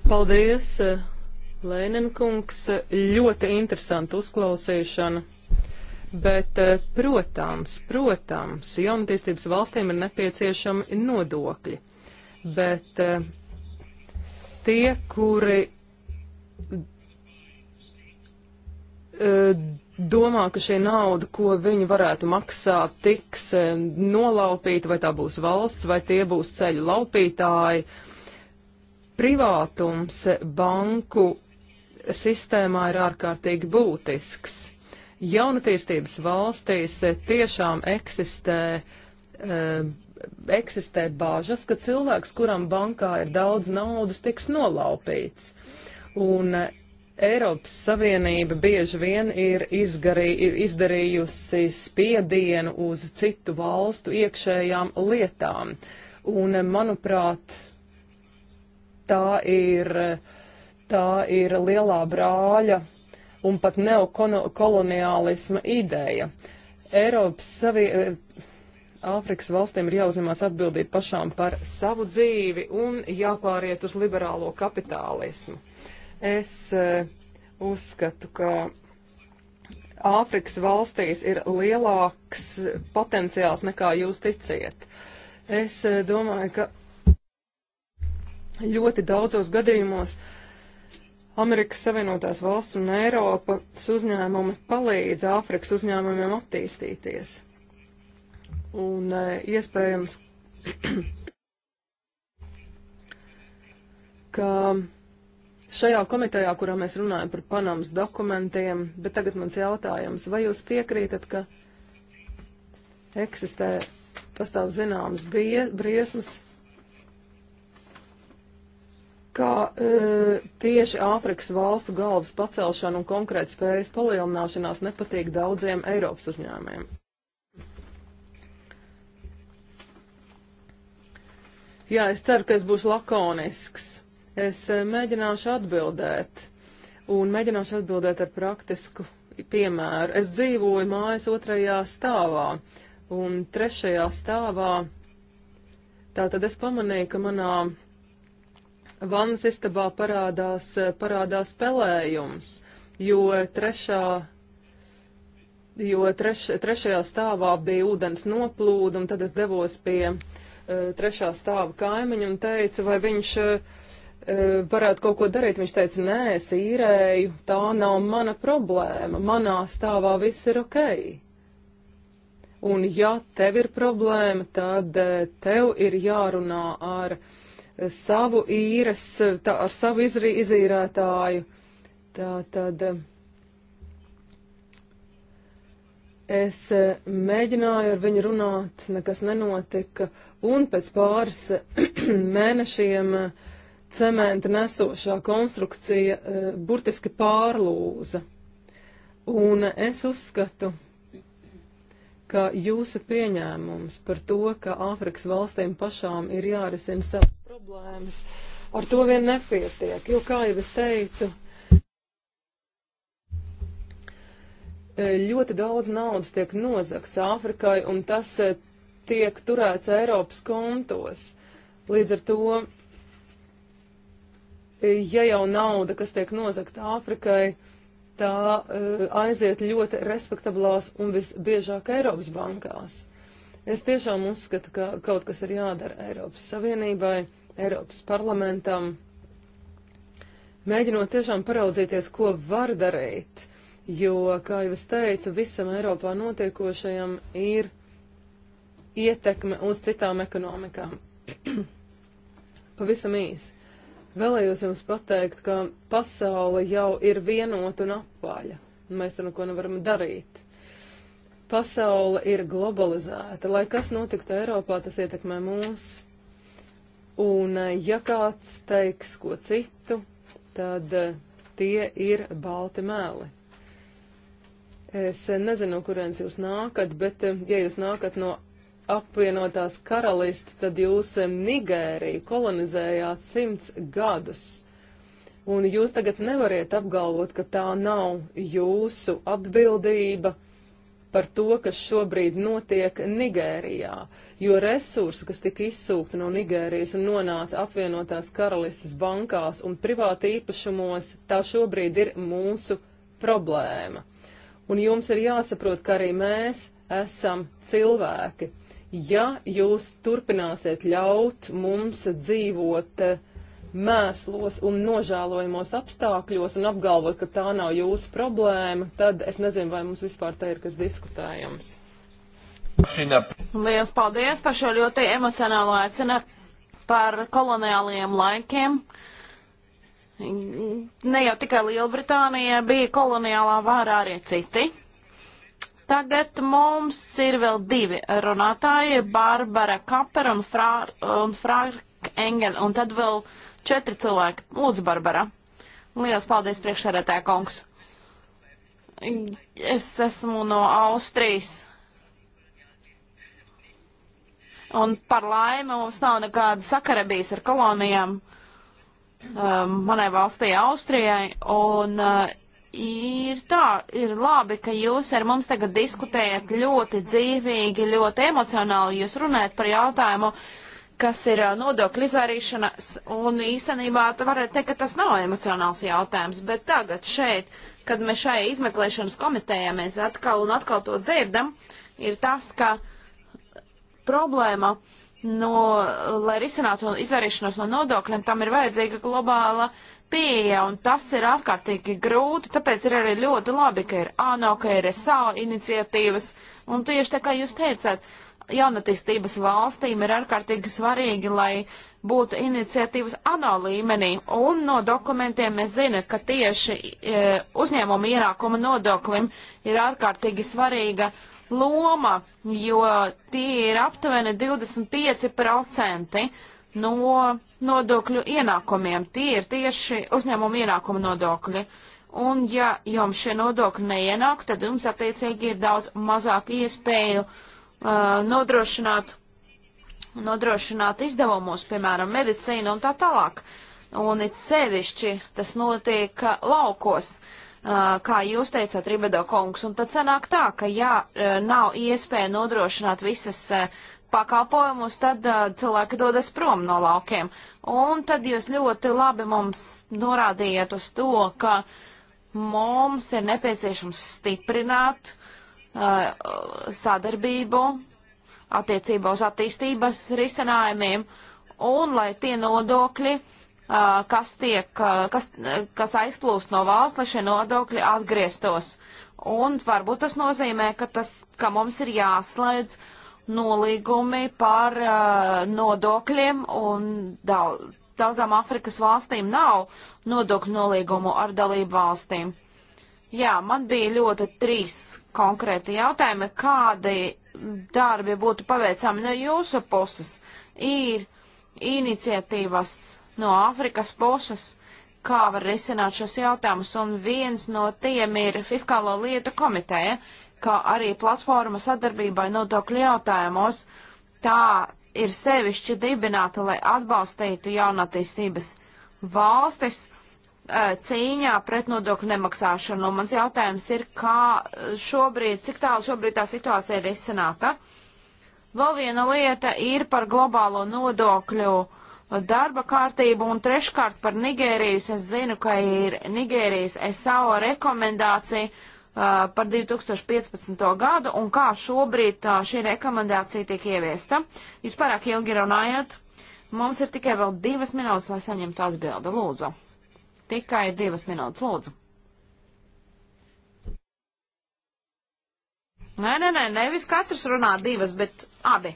S2: Paldies, eh, Lēnenkungs. Ļoti interesanti uzklausīšana. Bet, eh, protams, protams, jaunatīstības valstīm ir nepieciešami nodokļi bet eh, tie, kuri eh, domā, ka šī nauda, ko viņi varētu maksāt, tiks eh, nolaupīta, vai tā būs valsts, vai tie būs ceļu laupītāji. Privātums banku sistēmā ir ārkārtīgi būtisks. Jaunatīstības valstīs tiešām eksistē e, eksistē bāžas, ka cilvēks, kuram bankā ir daudz naudas, tiks nolaupīts. Un eh, Eiropas Savienība bieži vien ir izgarī, izdarījusi spiedienu uz citu valstu iekšējām lietām. Un, eh, manuprāt, tā ir, tā ir lielā brāļa un pat neokoloniālisma ideja. Eiropas Savienība Āfrikas valstīm ir jāuzņemās atbildība pašām par savu dzīvi un jāpāriet uz liberālo kapitālismu. Es e, uzskatu, ka Āfrikas valstīs ir lielāks potenciāls nekā jūs ticiet. Es e, domāju, ka ļoti daudzos gadījumos Amerikas Savienotās valsts un Eiropas uzņēmumi palīdz Āfrikas uzņēmumiem attīstīties. Un e, iespējams, ka šajā komitejā, kurā mēs runājam par Panamas dokumentiem, bet tagad mans jautājums, vai jūs piekrītat, ka eksistē, pastāv zināmas bie, briesmas, kā e, tieši Āfrikas valstu galvas pacelšana un konkrēta spējas palielināšanās nepatīk daudziem Eiropas uzņēmiem? Jā, es ceru, ka es būšu lakonisks. Es eh, mēģināšu atbildēt un mēģināšu atbildēt ar praktisku piemēru. Es dzīvoju mājas otrajā stāvā un trešajā stāvā. Tātad es pamanīju, ka manā vannas istabā parādās, eh, parādās pelējums, jo trešā jo treš, trešajā stāvā bija ūdens noplūda, un tad es devos pie uh, Eh, trešā stāva kaimiņu un teica, vai viņš eh, eh, varētu kaut ko darīt. Viņš teica, nē, es īrēju, tā nav mana problēma, manā stāvā viss ir ok. Un ja tev ir problēma, tad tev ir jārunā ar savu īres, tā, ar savu izrī, izīrētāju. Tā tad. tad Es e, mēģināju ar viņu runāt, nekas nenotika, un pēc pāris mēnešiem e, cementa nesošā konstrukcija e, burtiski pārlūza. Un es uzskatu, ka jūsu pieņēmums par to, ka Āfrikas valstīm pašām ir jārisina savas problēmas, ar to vien nepietiek, jo, kā jau es teicu, Eh, ļoti daudz naudas tiek nozakts Āfrikai, un tas eh, tiek turēts Eiropas kontos. Līdz ar to, eh, ja jau nauda, kas tiek nozakta Āfrikai, tā aiziet ļoti respektablās un visbiežāk Eiropas bankās. Es tiešām uzskatu, ka kaut kas ir jādara Eiropas Savienībai, Eiropas parlamentam, mēģinot tiešām paraudzīties, ko var darīt jo, kā jau es teicu, visam Eiropā notiekošajam ir ietekme uz citām ekonomikām. Pavisam īsi. Vēlējos jums pateikt, ka pasaule jau ir vienota un apaļa. Mēs tam neko nevaram darīt. Pasaule ir globalizēta. Lai kas notiktu Eiropā, tas ietekmē mūs. Un ja kāds teiks ko citu, tad eh, tie ir balti mēli. Es nezinu, no kurienes jūs nākat, bet eh, ja jūs nākat no apvienotās karalisti, tad jūs eh, Nigēriju kolonizējāt simts gadus. Un jūs tagad nevariet apgalvot, ka tā nav jūsu atbildība par to, kas šobrīd notiek Nigērijā, jo resursi, kas tika izsūkti no Nigērijas un nonāca apvienotās karalistas bankās un privāti īpašumos, tā šobrīd ir mūsu problēma. Un jums ir jāsaprot, ka arī mēs esam cilvēki. Ja jūs turpināsiet ļaut mums dzīvot eh, mēslos un nožēlojamos apstākļos un apgalvot, ka tā nav jūsu problēma, tad es nezinu, vai mums vispār te ir kas diskutējams.
S1: Lielas
S2: paldies par šo
S3: ļoti emocionālo aicinu par koloniāliem laikiem. Uh, Ne jau tikai Lielbritānija bija koloniālā vārā arī citi. Tagad mums ir vēl divi runātāji - Bārbara Kapera un, Frā, un Frāk Engen, un tad vēl četri cilvēki. Lūdzu, Barbara. Lielas paldies priekšsarētē, kungs. Es esmu no Austrijas. Un par laimi mums nav nekāda sakara bijis ar kolonijām. Uh, Um, manai valstī Austrijai, un uh, ir tā, ir labi, ka jūs ar mums tagad diskutējat ļoti dzīvīgi, ļoti emocionāli, jūs runājat par jautājumu, kas ir uh, nodokļu izvairīšanas, un īstenībā varētu teikt, ka tas nav emocionāls jautājums, bet tagad šeit, kad mēs šai izmeklēšanas komitejā mēs atkal un atkal to dzirdam, ir tas, ka problēma uh, no, lai risinātu izvairīšanos no nodokļiem, tam ir vajadzīga globāla pieeja, un tas ir ārkārtīgi grūti, tāpēc ir arī ļoti labi, ka ir ANO, ka ir SAO iniciatīvas, un tieši tā kā jūs teicāt, jaunatīstības valstīm ir ārkārtīgi svarīgi, lai būtu iniciatīvas ANO līmenī, un no dokumentiem mēs zinām, ka tieši e, uzņēmuma ienākuma nodoklim ir ārkārtīgi svarīga loma, jo tie ir aptuveni 25% no nodokļu ienākumiem. Tie ir tieši uzņēmumu ienākumu nodokļi. Un ja jums šie nodokļi neienāk, tad jums attiecīgi ir daudz mazāk iespēju uh, nodrošināt, nodrošināt izdevumus, piemēram, medicīnu un tā tālāk. Un it sevišķi tas notiek laukos. Uh, Uh, kā jūs teicāt, Ribedo kungs, un tad sanāk tā, ka jā, uh, nav iespēja nodrošināt visas uh, pakalpojumus, tad cilvēki dodas prom no laukiem. Un tad jūs ļoti labi mums norādījāt uz to, ka mums ir nepieciešams stiprināt sadarbību attiecībā uz attīstības risinājumiem un lai tie nodokļi, uh, kas tiek, kas, kas aizplūst no valsts, lai šie nodokļi atgrieztos. Un varbūt tas nozīmē, ka, tas, ka mums ir jāslēdz nolīgumi par uh, nodokļiem, un daudz, daudzām Afrikas valstīm nav nodokļu nolīgumu ar dalību valstīm. Jā, man bija ļoti trīs konkrēti jautājumi, kādi darbi būtu paveicami no jūsu puses. Ir iniciatīvas no Āfrikas puses, kā var risināt šos jautājumus, un viens no tiem ir Fiskālo lietu komiteja, kā arī platforma sadarbībai nodokļu jautājumos. Tā ir sevišķi dibināta, lai atbalstītu jaunatīstības valstis e, cīņā pret nodokļu nemaksāšanu. Un mans jautājums ir, kā šobrīd, cik tālu šobrīd tā situācija ir izsanāta? Vēl viena lieta ir par globālo nodokļu uh, darba kārtību. Un treškārt par Nigērijas, es zinu, ka ir Nigērijas SAO rekomendācija uh, par 2015. gadu un kā šobrīd uh, šī rekomendācija tiek ieviesta. Jūs pārāk ilgi runājat. Mums ir tikai vēl divas minūtes, lai saņemtu atbildi. Lūdzu. Tikai divas minūtes, lūdzu. Nē, nē, nē, nevis katrs runā divas, bet abi.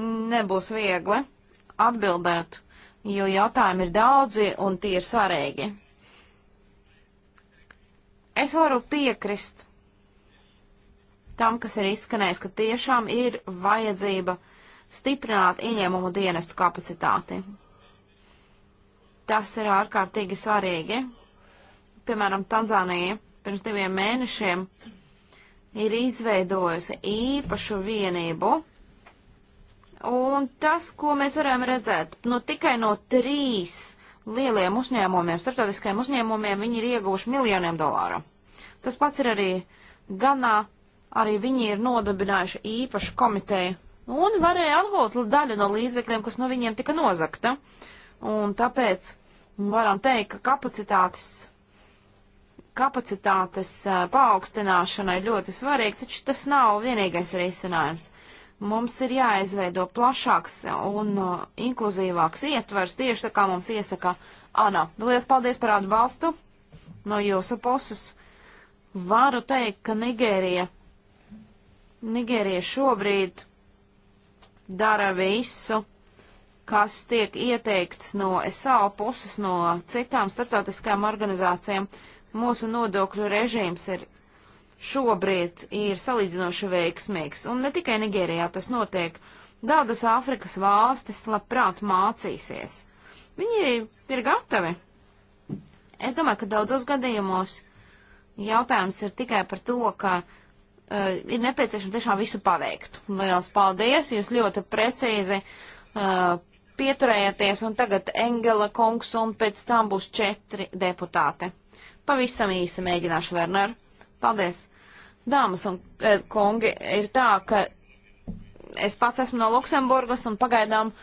S3: Nebūs viegli atbildēt, jo jautājumi ir daudzi un tie ir svarīgi. Es varu piekrist tam, kas ir izskanējis, ka tiešām ir vajadzība stiprināt ieņēmumu dienestu kapacitāti. Tas ir ārkārtīgi svarīgi. Piemēram, Tanzānija pirms diviem mēnešiem ir izveidojusi īpašu vienību Un tas, ko mēs varam redzēt, nu tikai no trīs lieliem uzņēmumiem, starptautiskajiem uzņēmumiem, viņi ir ieguvuši miljoniem dolāru. Tas pats ir arī Ganā, arī viņi ir nodabinājuši īpašu komiteju un varēja atgūt daļu no līdzekļiem, kas no viņiem tika nozakta. Un tāpēc varam teikt, ka kapacitātes, kapacitātes paaugstināšana ir ļoti svarīga, taču tas nav vienīgais risinājums. Mums ir jāizveido plašāks un uh, inkluzīvāks ietvers, tieši tā kā mums iesaka Ana. Lielas paldies par atbalstu no jūsu puses. Varu teikt, ka Nigērija, Nigērija šobrīd dara visu, kas tiek ieteikts no SAO puses, no citām starptautiskajām organizācijām. Mūsu nodokļu režīms ir šobrīd ir salīdzinoši veiksmīgs. Un ne tikai Nigērijā tas notiek. Daudzas Āfrikas valstis labprāt mācīsies. Viņi ir gatavi. Es domāju, ka daudzos gadījumos jautājums ir tikai par to, ka uh, ir nepieciešams tiešām visu paveikt. Lielas paldies! Jūs ļoti precīzi uh, eh, pieturējāties, un tagad Engela kungs, un pēc tam būs četri deputāti. Pavisam īsi mēģināšu, Werner. Paldies! Dāmas un e, kungi, ir tā, ka es pats esmu no Luksemburgas un pagaidām e,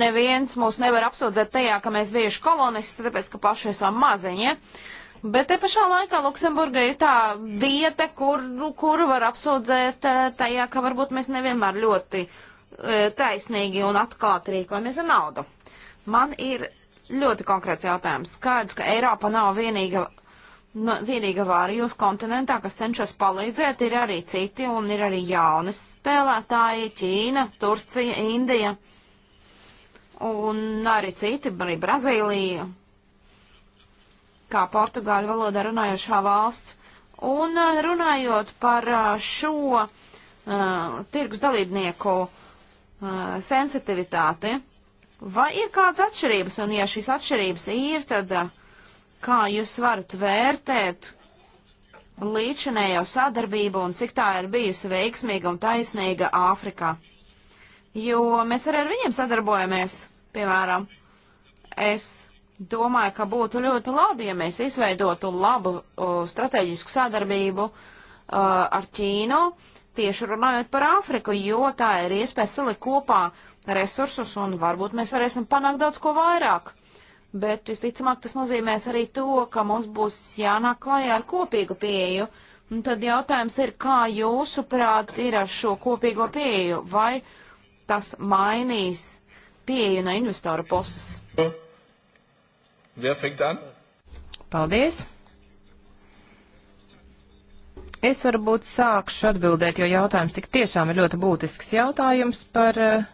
S3: neviens mūs nevar apsūdzēt tajā, ka mēs bijuši kolonisti, tāpēc, ka paši esam maziņi. Ja? Bet te pašā laikā Luksemburga ir tā vieta, kur, kuru var apsūdzēt e, tajā, ka varbūt mēs nevienmēr ļoti taisnīgi un atklāti rīkojamies ar naudu. Man ir ļoti konkrēts jautājums. Skaidrs, ka Eiropa nav vienīga No, nu, vienīgā vāra jūsu kontinentā, kas cenšas palīdzēt, ir arī citi un ir arī jaunas spēlētāji - Ķīna, Turcija, Indija un arī citi, arī Brazīlija, kā portugāļu valodā runājošā valsts. Un uh, runājot par uh, šo uh, tirgus dalībnieku uh, sensitivitāti, vai ir kādas atšķirības? Un ja šīs atšķirības ir, tad uh, Kā jūs varat vērtēt līdšanējo sadarbību un cik tā ir bijusi veiksmīga un taisnīga Āfrikā? Jo mēs arī ar viņiem sadarbojamies, piemēram. Es domāju, ka būtu ļoti labi, ja mēs izveidotu labu uh, strateģisku sadarbību uh, ar Ķīnu, tieši runājot par Āfriku, jo tā ir iespēja salikt kopā resursus un varbūt mēs varēsim panākt daudz ko vairāk bet visticamāk tas nozīmēs arī to, ka mums būs jānāk klajā ar kopīgu pieeju. Un tad jautājums ir, kā jūsuprāt ir ar šo kopīgo pieeju, vai tas mainīs pieeju no investora puses?
S1: Paldies! Es varbūt sākšu atbildēt, jo jautājums tik tiešām ir ļoti būtisks jautājums par uh,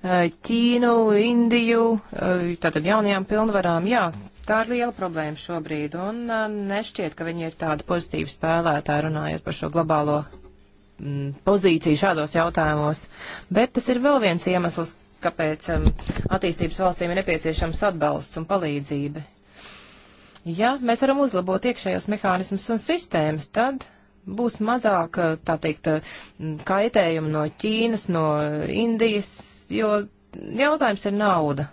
S1: Eh, Ķīnu, Indiju, eh, tātad jaunajām pilnvarām, jā, tā ir liela problēma šobrīd, un eh, nešķiet, ka viņi ir tādi pozitīvi spēlētāji runājot par šo globālo mm, pozīciju šādos jautājumos. Bet tas ir vēl viens iemesls, kāpēc attīstības valstīm ir nepieciešams atbalsts un palīdzība. Ja mēs varam uzlabot iekšējos mehānismus un sistēmas, tad būs mazāk, tā teikt, kaitējumu no Ķīnas, no Indijas, jo jautājums ir nauda.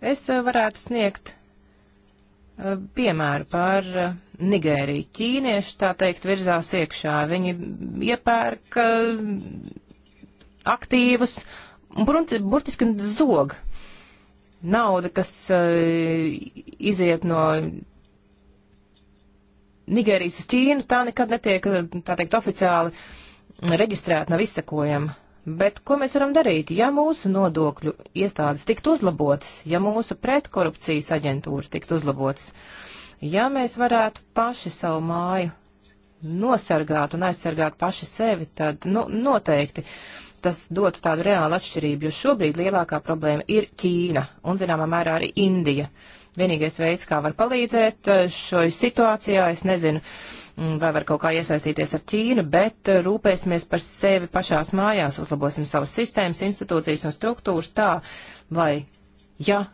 S1: Es eh, varētu sniegt eh, piemēru par eh, Nigēriju. Ķīnieši, tā teikt, virzās iekšā. Viņi iepērk aktīvus un burtiski zog. Nauda, kas iziet no Nigērijas uz Ķīnu, tā nekad netiek, tā teikt, oficiāli reģistrēta, nav izsekojama. Bet ko mēs varam darīt, ja mūsu nodokļu iestādes tiktu uzlabotas, ja mūsu pretkorupcijas aģentūras tiktu uzlabotas, ja mēs varētu paši savu māju nosargāt un aizsargāt paši sevi, tad nu, noteikti tas dotu tādu reālu atšķirību, jo šobrīd lielākā problēma ir Ķīna un, zināmā mērā, arī Indija. Vienīgais veids, kā var palīdzēt eh, šo situācijā, es nezinu, mm, vai var kaut kā iesaistīties ar Ķīnu, bet eh, rūpēsimies par sevi pašās mājās, uzlabosim savas sistēmas, institūcijas un struktūras tā, lai, ja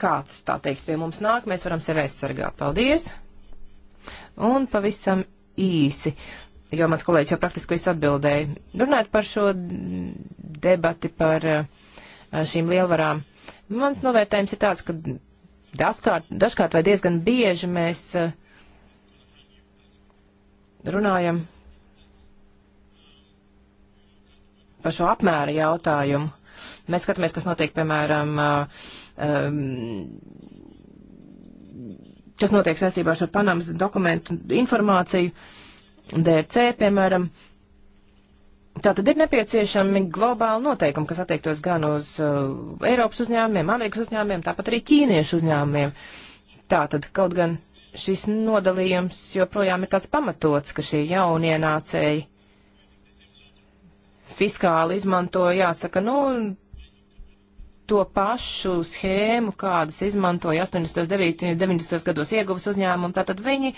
S1: kāds, tā teikt, pie mums nāk, mēs varam sevi aizsargāt. Paldies! Un pavisam īsi, jo mans kolēģis jau praktiski visu atbildēja. Runājot par šo debati par eh, šīm lielvarām, mans novērtējums ir tāds, ka dažkārt, dažkārt vai diezgan bieži mēs eh, runājam par šo apmēra jautājumu. Mēs skatāmies, kas notiek, piemēram, um, kas notiek saistībā ar šo Panamas dokumentu informāciju, DRC, piemēram. Tātad ir nepieciešami globāli noteikumi, kas attiektos gan uz uh, Eiropas uzņēmumiem, Amerikas uzņēmumiem, tāpat arī ķīniešu uzņēmumiem. Tātad kaut gan šis nodalījums joprojām ir tāds pamatots, ka šie jaunienācēji fiskāli izmanto, jāsaka, nu, to pašu schēmu, kādas izmantoja 89. 90. gados ieguvas uzņēmumi, tātad viņi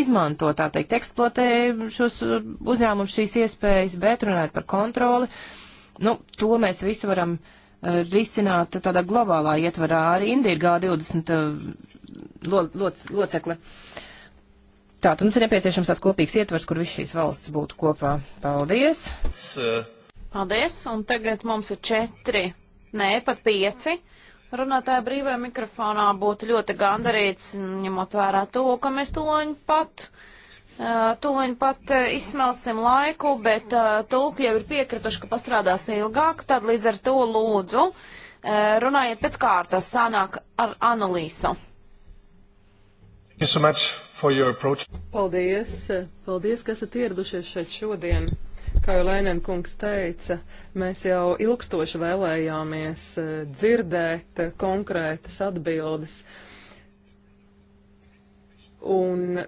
S1: izmanto, tā teikt, eksploatē šos uh, uzņēmumus šīs iespējas, bet runājot par kontroli, nu, to mēs visu varam uh, risināt tādā globālā ietvarā, arī Indija ir G20 uh, lo, loc, locekle. Tātad mums ir nepieciešams tāds kopīgs ietvers, kur viss šīs valsts būtu kopā. Paldies!
S3: Paldies, un tagad mums ir četri Nē, pat pieci. Runātāja brīvajā mikrofonā būtu ļoti gandarīts, ņemot vērā to, ka mēs tuloņi pat, tuloņi pat izsmelsim laiku, bet tulki jau ir piekrituši, ka pastrādās ilgāk, tad līdz ar to lūdzu runājiet pēc kārtas, sānāk
S2: ar analīzu. So paldies, paldies, ka esat ieradušies šeit šodien. Kā jau Lēnenkungs teica, mēs jau ilgstoši vēlējāmies eh, dzirdēt eh, konkrētas atbildes. Un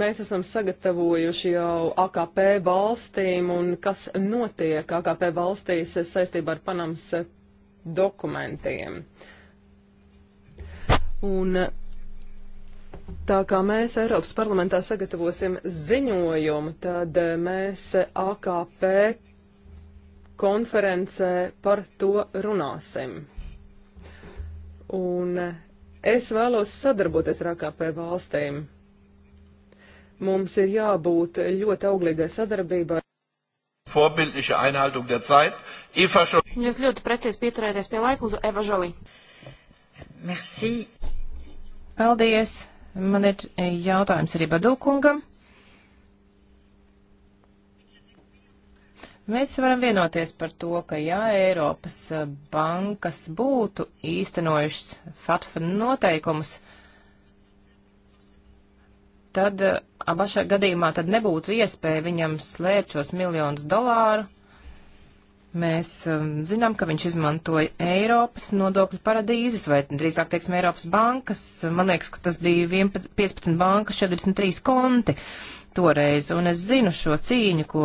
S2: mēs esam sagatavojuši jau AKP valstīm un kas notiek AKP valstīs eh, saistībā ar Panamas dokumentiem. Un Tā kā mēs Eiropas parlamentā sagatavosim ziņojumu, tad eh, mēs eh, AKP konferencē par to runāsim. Un eh, es vēlos sadarboties ar AKP valstīm. Mums ir jābūt ļoti auglīgai sadarbībai.
S1: Vorbildliche Einhaltung der Zeit. Eva Jolie.
S2: Jūs ļoti precīzi pieturēties pie laika uz Eva Jolie.
S1: Merci. Paldies. Man ir jautājums arī Badūkungam. Mēs varam vienoties par to, ka jā, Eiropas eh, bankas būtu īstenojušas FATFA noteikumus, tad eh, abašā gadījumā tad nebūtu iespēja viņam slēpt šos miljonus dolāru Mēs um, zinām, ka viņš izmantoja Eiropas nodokļu paradīzes, vai drīzāk, teiksim, Eiropas bankas. Man liekas, ka tas bija 11, 15 bankas, 43 konti toreiz, un es zinu šo cīņu, ko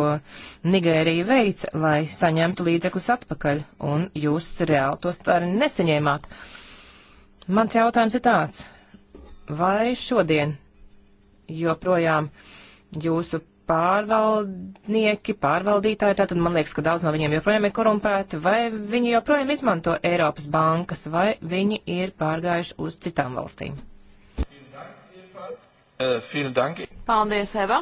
S1: Nigērija veica, lai saņemtu līdzekļus atpakaļ, un jūs reāli tos arī nesaņēmāt. Mans jautājums ir tāds, vai šodien joprojām jūsu pārvaldnieki, pārvaldītāji, tātad man liekas, ka daudz no viņiem joprojām ir korumpēti, vai viņi joprojām izmanto Eiropas bankas, vai viņi ir pārgājuši uz citām valstīm? Paldies,
S2: Eva.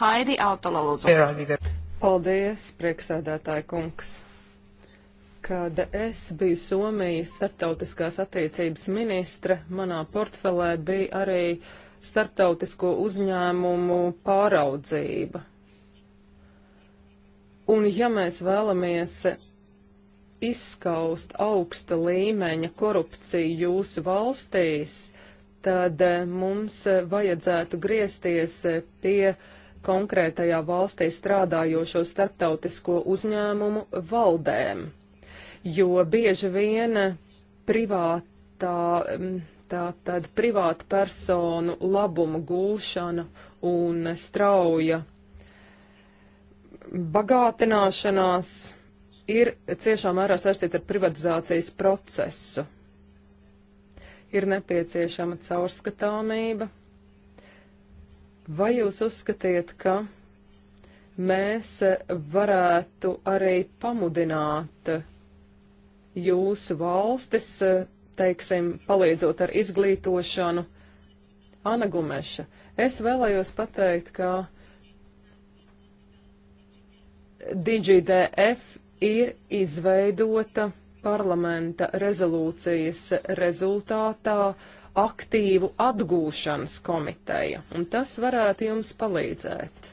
S2: Haidi Autola lūdzu. Paldies, prieksēdētāji kungs. Kad es biju Somijas starptautiskās attiecības ministra, manā portfelē bija arī uh, starptautisko uzņēmumu pāraudzība. Un ja mēs vēlamies izskaust augsta līmeņa korupciju jūsu valstīs, tad eh, mums vajadzētu griezties eh, pie konkrētajā valstī strādājošo starptautisko uzņēmumu valdēm, jo bieži vien privātā mm, Tātad privāta personu labumu gūšana un strauja bagātināšanās ir ciešā mērā saistīta ar privatizācijas procesu. Ir nepieciešama caurskatāmība. Vai jūs uzskatiet, ka mēs varētu arī pamudināt jūsu valstis teiksim, palīdzot ar izglītošanu. Ana Gumeša, es vēlējos pateikt, ka DigiDF ir izveidota parlamenta rezolūcijas rezultātā aktīvu atgūšanas komiteja, un tas varētu jums palīdzēt.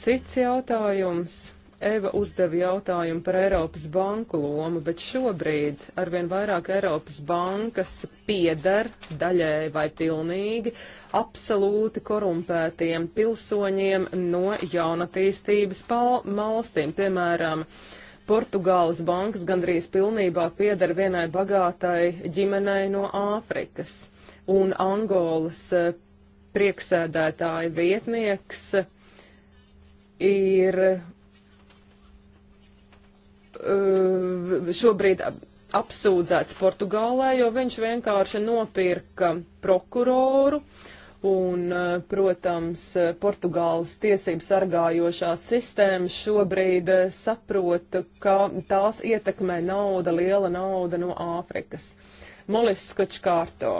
S2: Cits jautājums Eva uzdeva jautājumu par Eiropas banku lomu, bet šobrīd arvien vairāk Eiropas bankas pieder daļēji vai pilnīgi absolūti korumpētiem pilsoņiem no jaunatīstības malstīm. Piemēram, Portugāles bankas gandrīz pilnībā pieder vienai bagātai ģimenei no Āfrikas, un Angolas eh, prieksēdētāja vietnieks ir Uh, šobrīd apsūdzēts Portugālē, jo viņš vienkārši nopirka prokuroru. Un, uh, protams, Portugāles tiesību sargājošās sistēmas šobrīd uh, saprota, ka tās ietekmē nauda, liela nauda no Āfrikas. Molis Skočkārto.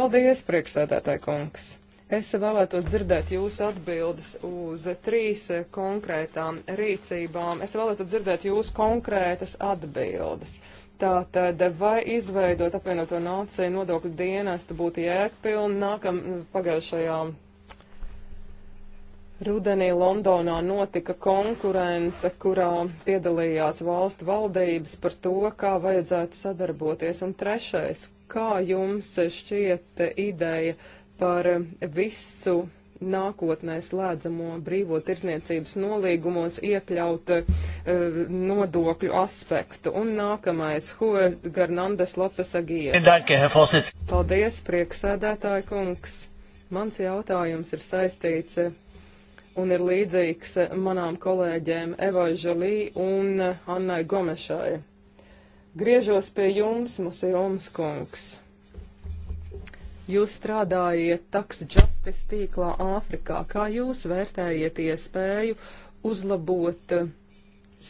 S2: Paldies, priekšsēdētāji kungs! Es vēlētos dzirdēt jūsu atbildes uz trīs konkrētām rīcībām. Es vēlētos dzirdēt jūsu konkrētas atbildes. Tātad, vai izveidot apvienoto nāciju nodokļu dienestu būtu jēgpilni nākam pagājušajā Rudenī Londonā notika konkurence, kurā piedalījās valstu valdības par to, kā vajadzētu sadarboties. Un trešais, kā jums šķiet ideja par eh, visu nākotnē slēdzamo brīvo tirzniecības nolīgumos iekļaut uh, nodokļu aspektu. Un nākamais, Hue Garnandes Lopes Agija. Paldies, prieksēdētāji kungs. Mans jautājums ir saistīts eh, un ir līdzīgs manām kolēģēm Eva Žalī un Annai Gomešai. Griežos pie jums, Musijons kungs. Jūs strādājiet Tax Justice tīklā Āfrikā. Kā jūs vērtējiet iespēju uzlabot eh,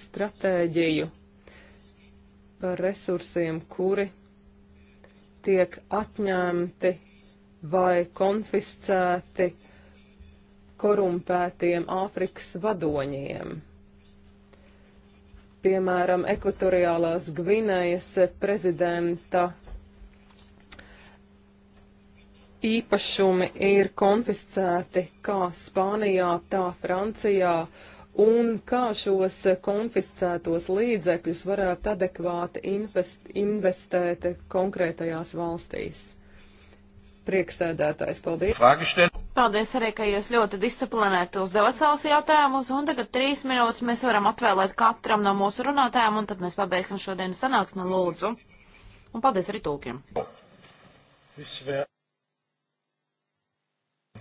S2: stratēģiju par resursiem, kuri tiek atņemti vai konfiscēti korumpētiem Āfrikas vadoņiem? Piemēram, ekvatoriālās Gvinejas prezidenta īpašumi ir konfiscēti kā Spānijā, tā Francijā, un kā šos konfiscētos līdzekļus varētu adekvāti invest, investēt konkrētajās valstīs. Prieksēdētājs, paldies! Frāgišten. Paldies
S3: arī, ka jūs ļoti disciplinēti uzdevat savus jautājumus, un tagad trīs minūtes mēs varam atvēlēt katram no mūsu runātājiem, un tad mēs pabeigsim šodienas sanāksmi, lūdzu. Un paldies arī
S1: tūkiem. This is where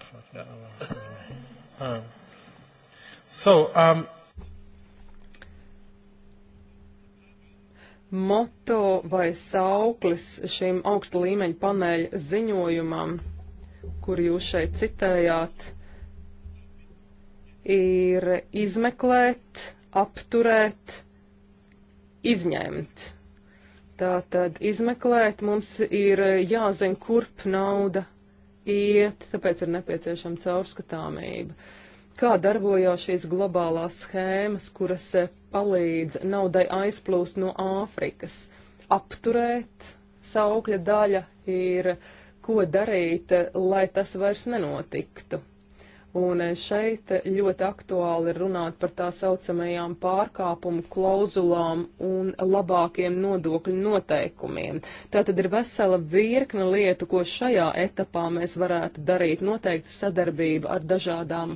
S1: unfortunate.
S2: Um, so, um, Moto vai sauklis šim augsta līmeņa paneļa ziņojumam, kur jūs šeit citējāt, ir izmeklēt, apturēt, izņemt. Tātad izmeklēt mums ir jāzina, kurp nauda iet, tāpēc ir nepieciešama caurskatāmība. Kā darbojās šīs globālās schēmas, kuras eh, palīdz naudai aizplūst no Āfrikas? Apturēt saukļa daļa ir, ko darīt, eh, lai tas vairs nenotiktu. Un šeit ļoti aktuāli ir runāt par tā saucamajām pārkāpumu klauzulām un labākiem nodokļu noteikumiem. Tā tad ir vesela virkne lietu, ko šajā etapā mēs varētu darīt. Noteikti sadarbība ar dažādām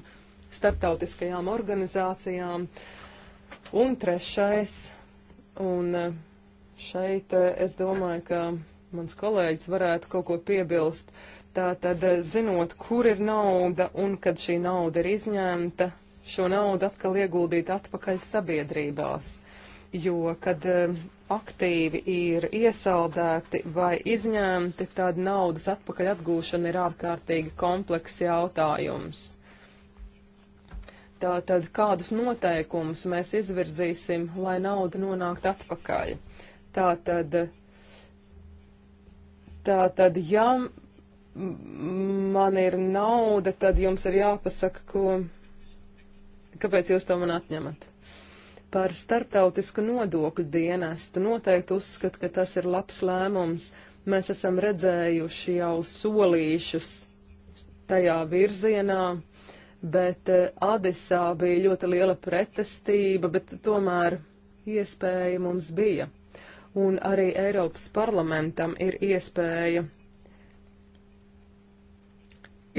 S2: starptautiskajām organizācijām. Un trešais, un šeit es domāju, ka mans kolēģis varētu kaut ko piebilst, Tātad, eh, zinot, kur ir nauda un kad šī nauda ir izņemta, šo naudu atkal ieguldīt atpakaļ sabiedrībās. Jo, kad eh, aktīvi ir iesaldēti vai izņemti, tad naudas atpakaļ atgūšana ir ārkārtīgi komplekss jautājums. Tātad, kādus noteikumus mēs izvirzīsim, lai nauda nonāktu atpakaļ? Tātad, tātad ja man ir nauda, tad jums ir jāpasaka, ko, kāpēc jūs to man atņemat. Par starptautisku nodokļu dienestu noteikti uzskatu, ka tas ir labs lēmums. Mēs esam redzējuši jau solīšus tajā virzienā, bet eh, Adisā bija ļoti liela pretestība, bet tomēr iespēja mums bija. Un arī Eiropas parlamentam ir iespēja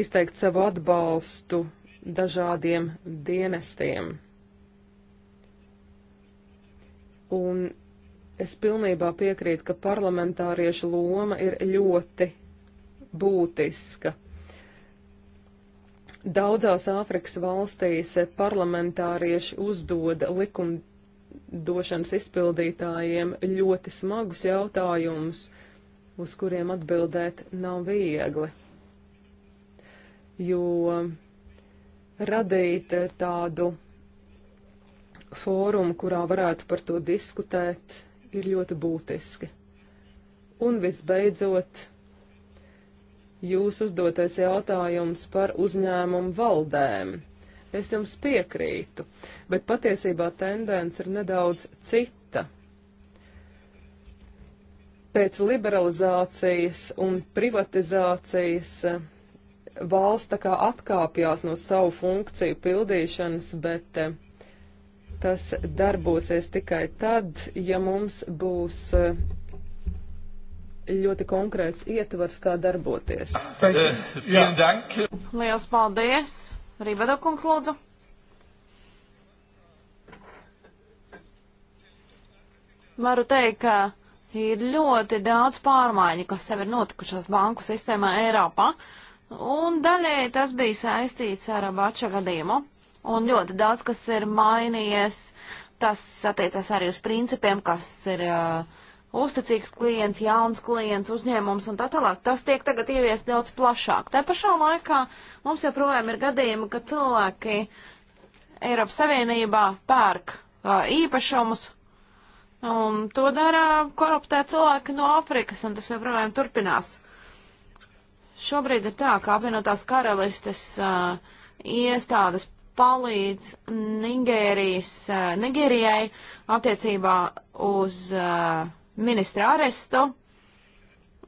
S2: izteikt savu atbalstu dažādiem dienestiem. Un es pilnībā piekrītu, ka parlamentāriešu loma ir ļoti būtiska. Daudzās Āfrikas valstīs parlamentārieši uzdod likumdošanas izpildītājiem ļoti smagus jautājumus, uz kuriem atbildēt nav viegli jo radīt tādu fórumu, kurā varētu par to diskutēt, ir ļoti būtiski. Un visbeidzot, jūs uzdotais jautājums par uzņēmumu valdēm. Es jums piekrītu, bet patiesībā tendence ir nedaudz cita. Pēc liberalizācijas un privatizācijas valsts tā kā atkāpjās no savu funkciju pildīšanas, bet eh, tas darbosies tikai tad, ja mums būs eh, ļoti konkrēts ietvars, kā darboties. Eh,
S1: Jā, dank.
S3: Liels paldies. Rībada kungs lūdzu. Varu teikt, ka ir ļoti daudz pārmaiņu, kas jau ir notikušas banku sistēmā Eiropā. Uh, Un daļēji tas bija saistīts ar Bača gadījumu. Un ļoti daudz kas ir mainījies. Tas attiecas arī uz principiem, kas ir uh, uzticīgs klients, jauns klients, uzņēmums un tā tālāk. Tas tiek tagad ieviest daudz plašāk. Tā pašā laikā mums joprojām ir gadījumi, ka cilvēki Eiropas Savienībā pērk uh, īpašumus, un to dara koruptē cilvēki no Afrikas, un tas joprojām turpinās. Uh, Šobrīd ir tā, ka apvienotās karalistes uh, iestādes palīdz Nigērijas, uh, Nigērijai attiecībā uz uh, ministra arestu.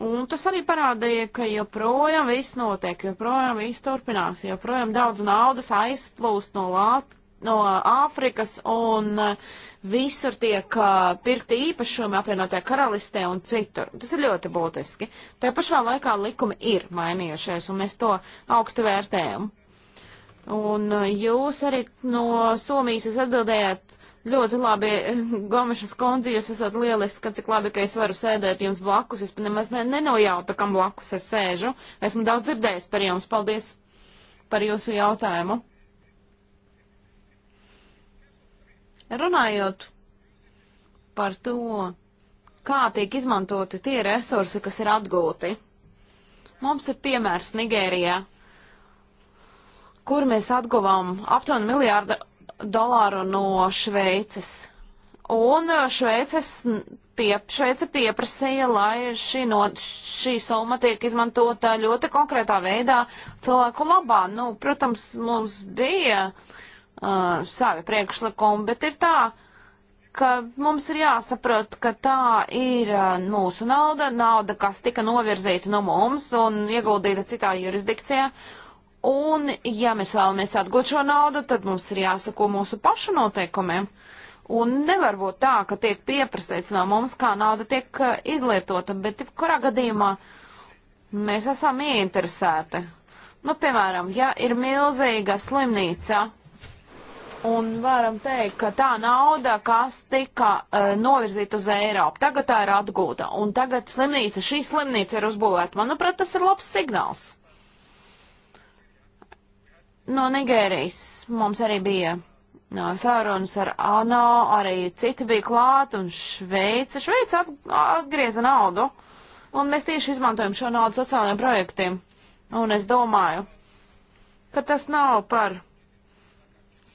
S3: Un tas arī parādīja, ka joprojām viss notiek, joprojām viss turpinās, joprojām daudz naudas aizplūst no, Lāt, no Āfrikas un uh, visur tiek uh, pirkti īpašumi apvienotajā karalistē un citur. Tas ir ļoti būtiski. Tajā pašā laikā likumi ir mainījušies, un mēs to augstu vērtējam. Un uh, jūs arī no Somijas jūs atbildējāt ļoti labi, Gomešas kundze, jūs esat lieliski, ka cik labi, ka es varu sēdēt jums blakus. Es nemaz ne, nenojautu, kam blakus es sēžu. Esmu daudz dzirdējis par jums. Paldies par jūsu jautājumu. Runājot par to, kā tiek izmantoti tie resursi, kas ir atgūti. Mums ir piemērs Nigērijā, kur mēs atguvām aptuveni miljārdu dolāru no Šveices. Un Šveices pie, Šveice pieprasīja, lai šī, no, šī summa tiek izmantota ļoti konkrētā veidā cilvēku labā. Nu, protams, mums bija uh, uh, savi priekšlikumi, bet ir tā, ka mums ir jāsaprot, ka tā ir mūsu nauda, nauda, kas tika novirzīta no mums un ieguldīta citā jurisdikcijā. Un, ja mēs vēlamies atgūt šo naudu, tad mums ir jāsako mūsu pašu noteikumiem. Un nevar būt tā, ka tiek pieprasīts no mums, kā nauda tiek izlietota, bet kurā gadījumā mēs esam ieinteresēti. Nu, piemēram, ja ir milzīga slimnīca, Un varam teikt, ka tā nauda, kas tika uh, novirzīta uz Eiropu, tagad tā ir atgūta. Un tagad slimnīca, šī slimnīca ir uzbūvēta. Manuprāt, tas ir labs signāls. No Nigērijas mums arī bija no, sarunas ar ANO, arī citi bija klāt, un Šveica. Šveica atgrieza naudu, un mēs tieši izmantojam šo naudu sociālajiem projektiem. Un es domāju, ka tas nav par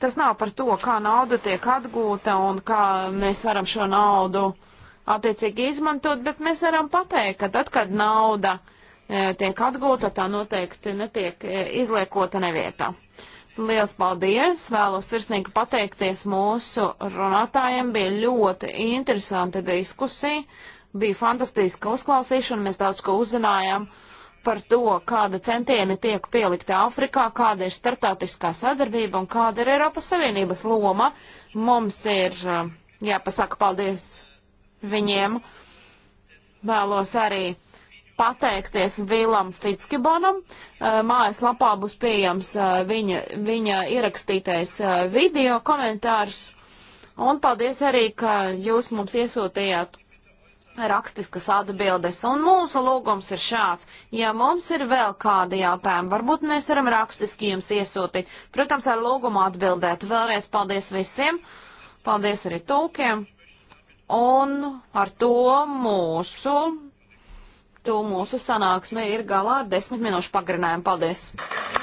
S3: Tas nav par to, kā nauda tiek atgūta un kā mēs varam šo naudu attiecīgi izmantot, bet mēs varam pateikt, ka tad, kad nauda e, tiek atgūta, tā noteikti netiek e, izliekota nevietā. Liels paldies! Vēlos sirsnīgi pateikties mūsu runātājiem. Bija ļoti interesanta diskusija, bija fantastiska uzklausīšana, mēs daudz ko uzzinājām. Uh, par to, kāda centieni tiek pielikta Afrikā, kāda ir startautiskā sadarbība un kāda ir Eiropas Savienības loma. Mums ir um, jāpasaka paldies viņiem. Vēlos arī pateikties Vilam Fitskibonam. Uh, mājaslapā būs pieejams uh, viņa, viņa ierakstītais uh, video komentārs. Un paldies arī, ka jūs mums iesūtījāt rakstiskas atbildes. Un mūsu lūgums ir šāds. Ja mums ir vēl kādi jautājumi, varbūt mēs varam rakstiski jums iesūtīt. Protams, ar lūgumu atbildēt. Vēlreiz paldies visiem. Paldies arī tūkiem. Un ar to mūsu, to mūsu sanāksme ir galā ar desmit minūšu pagarinājumu. Paldies!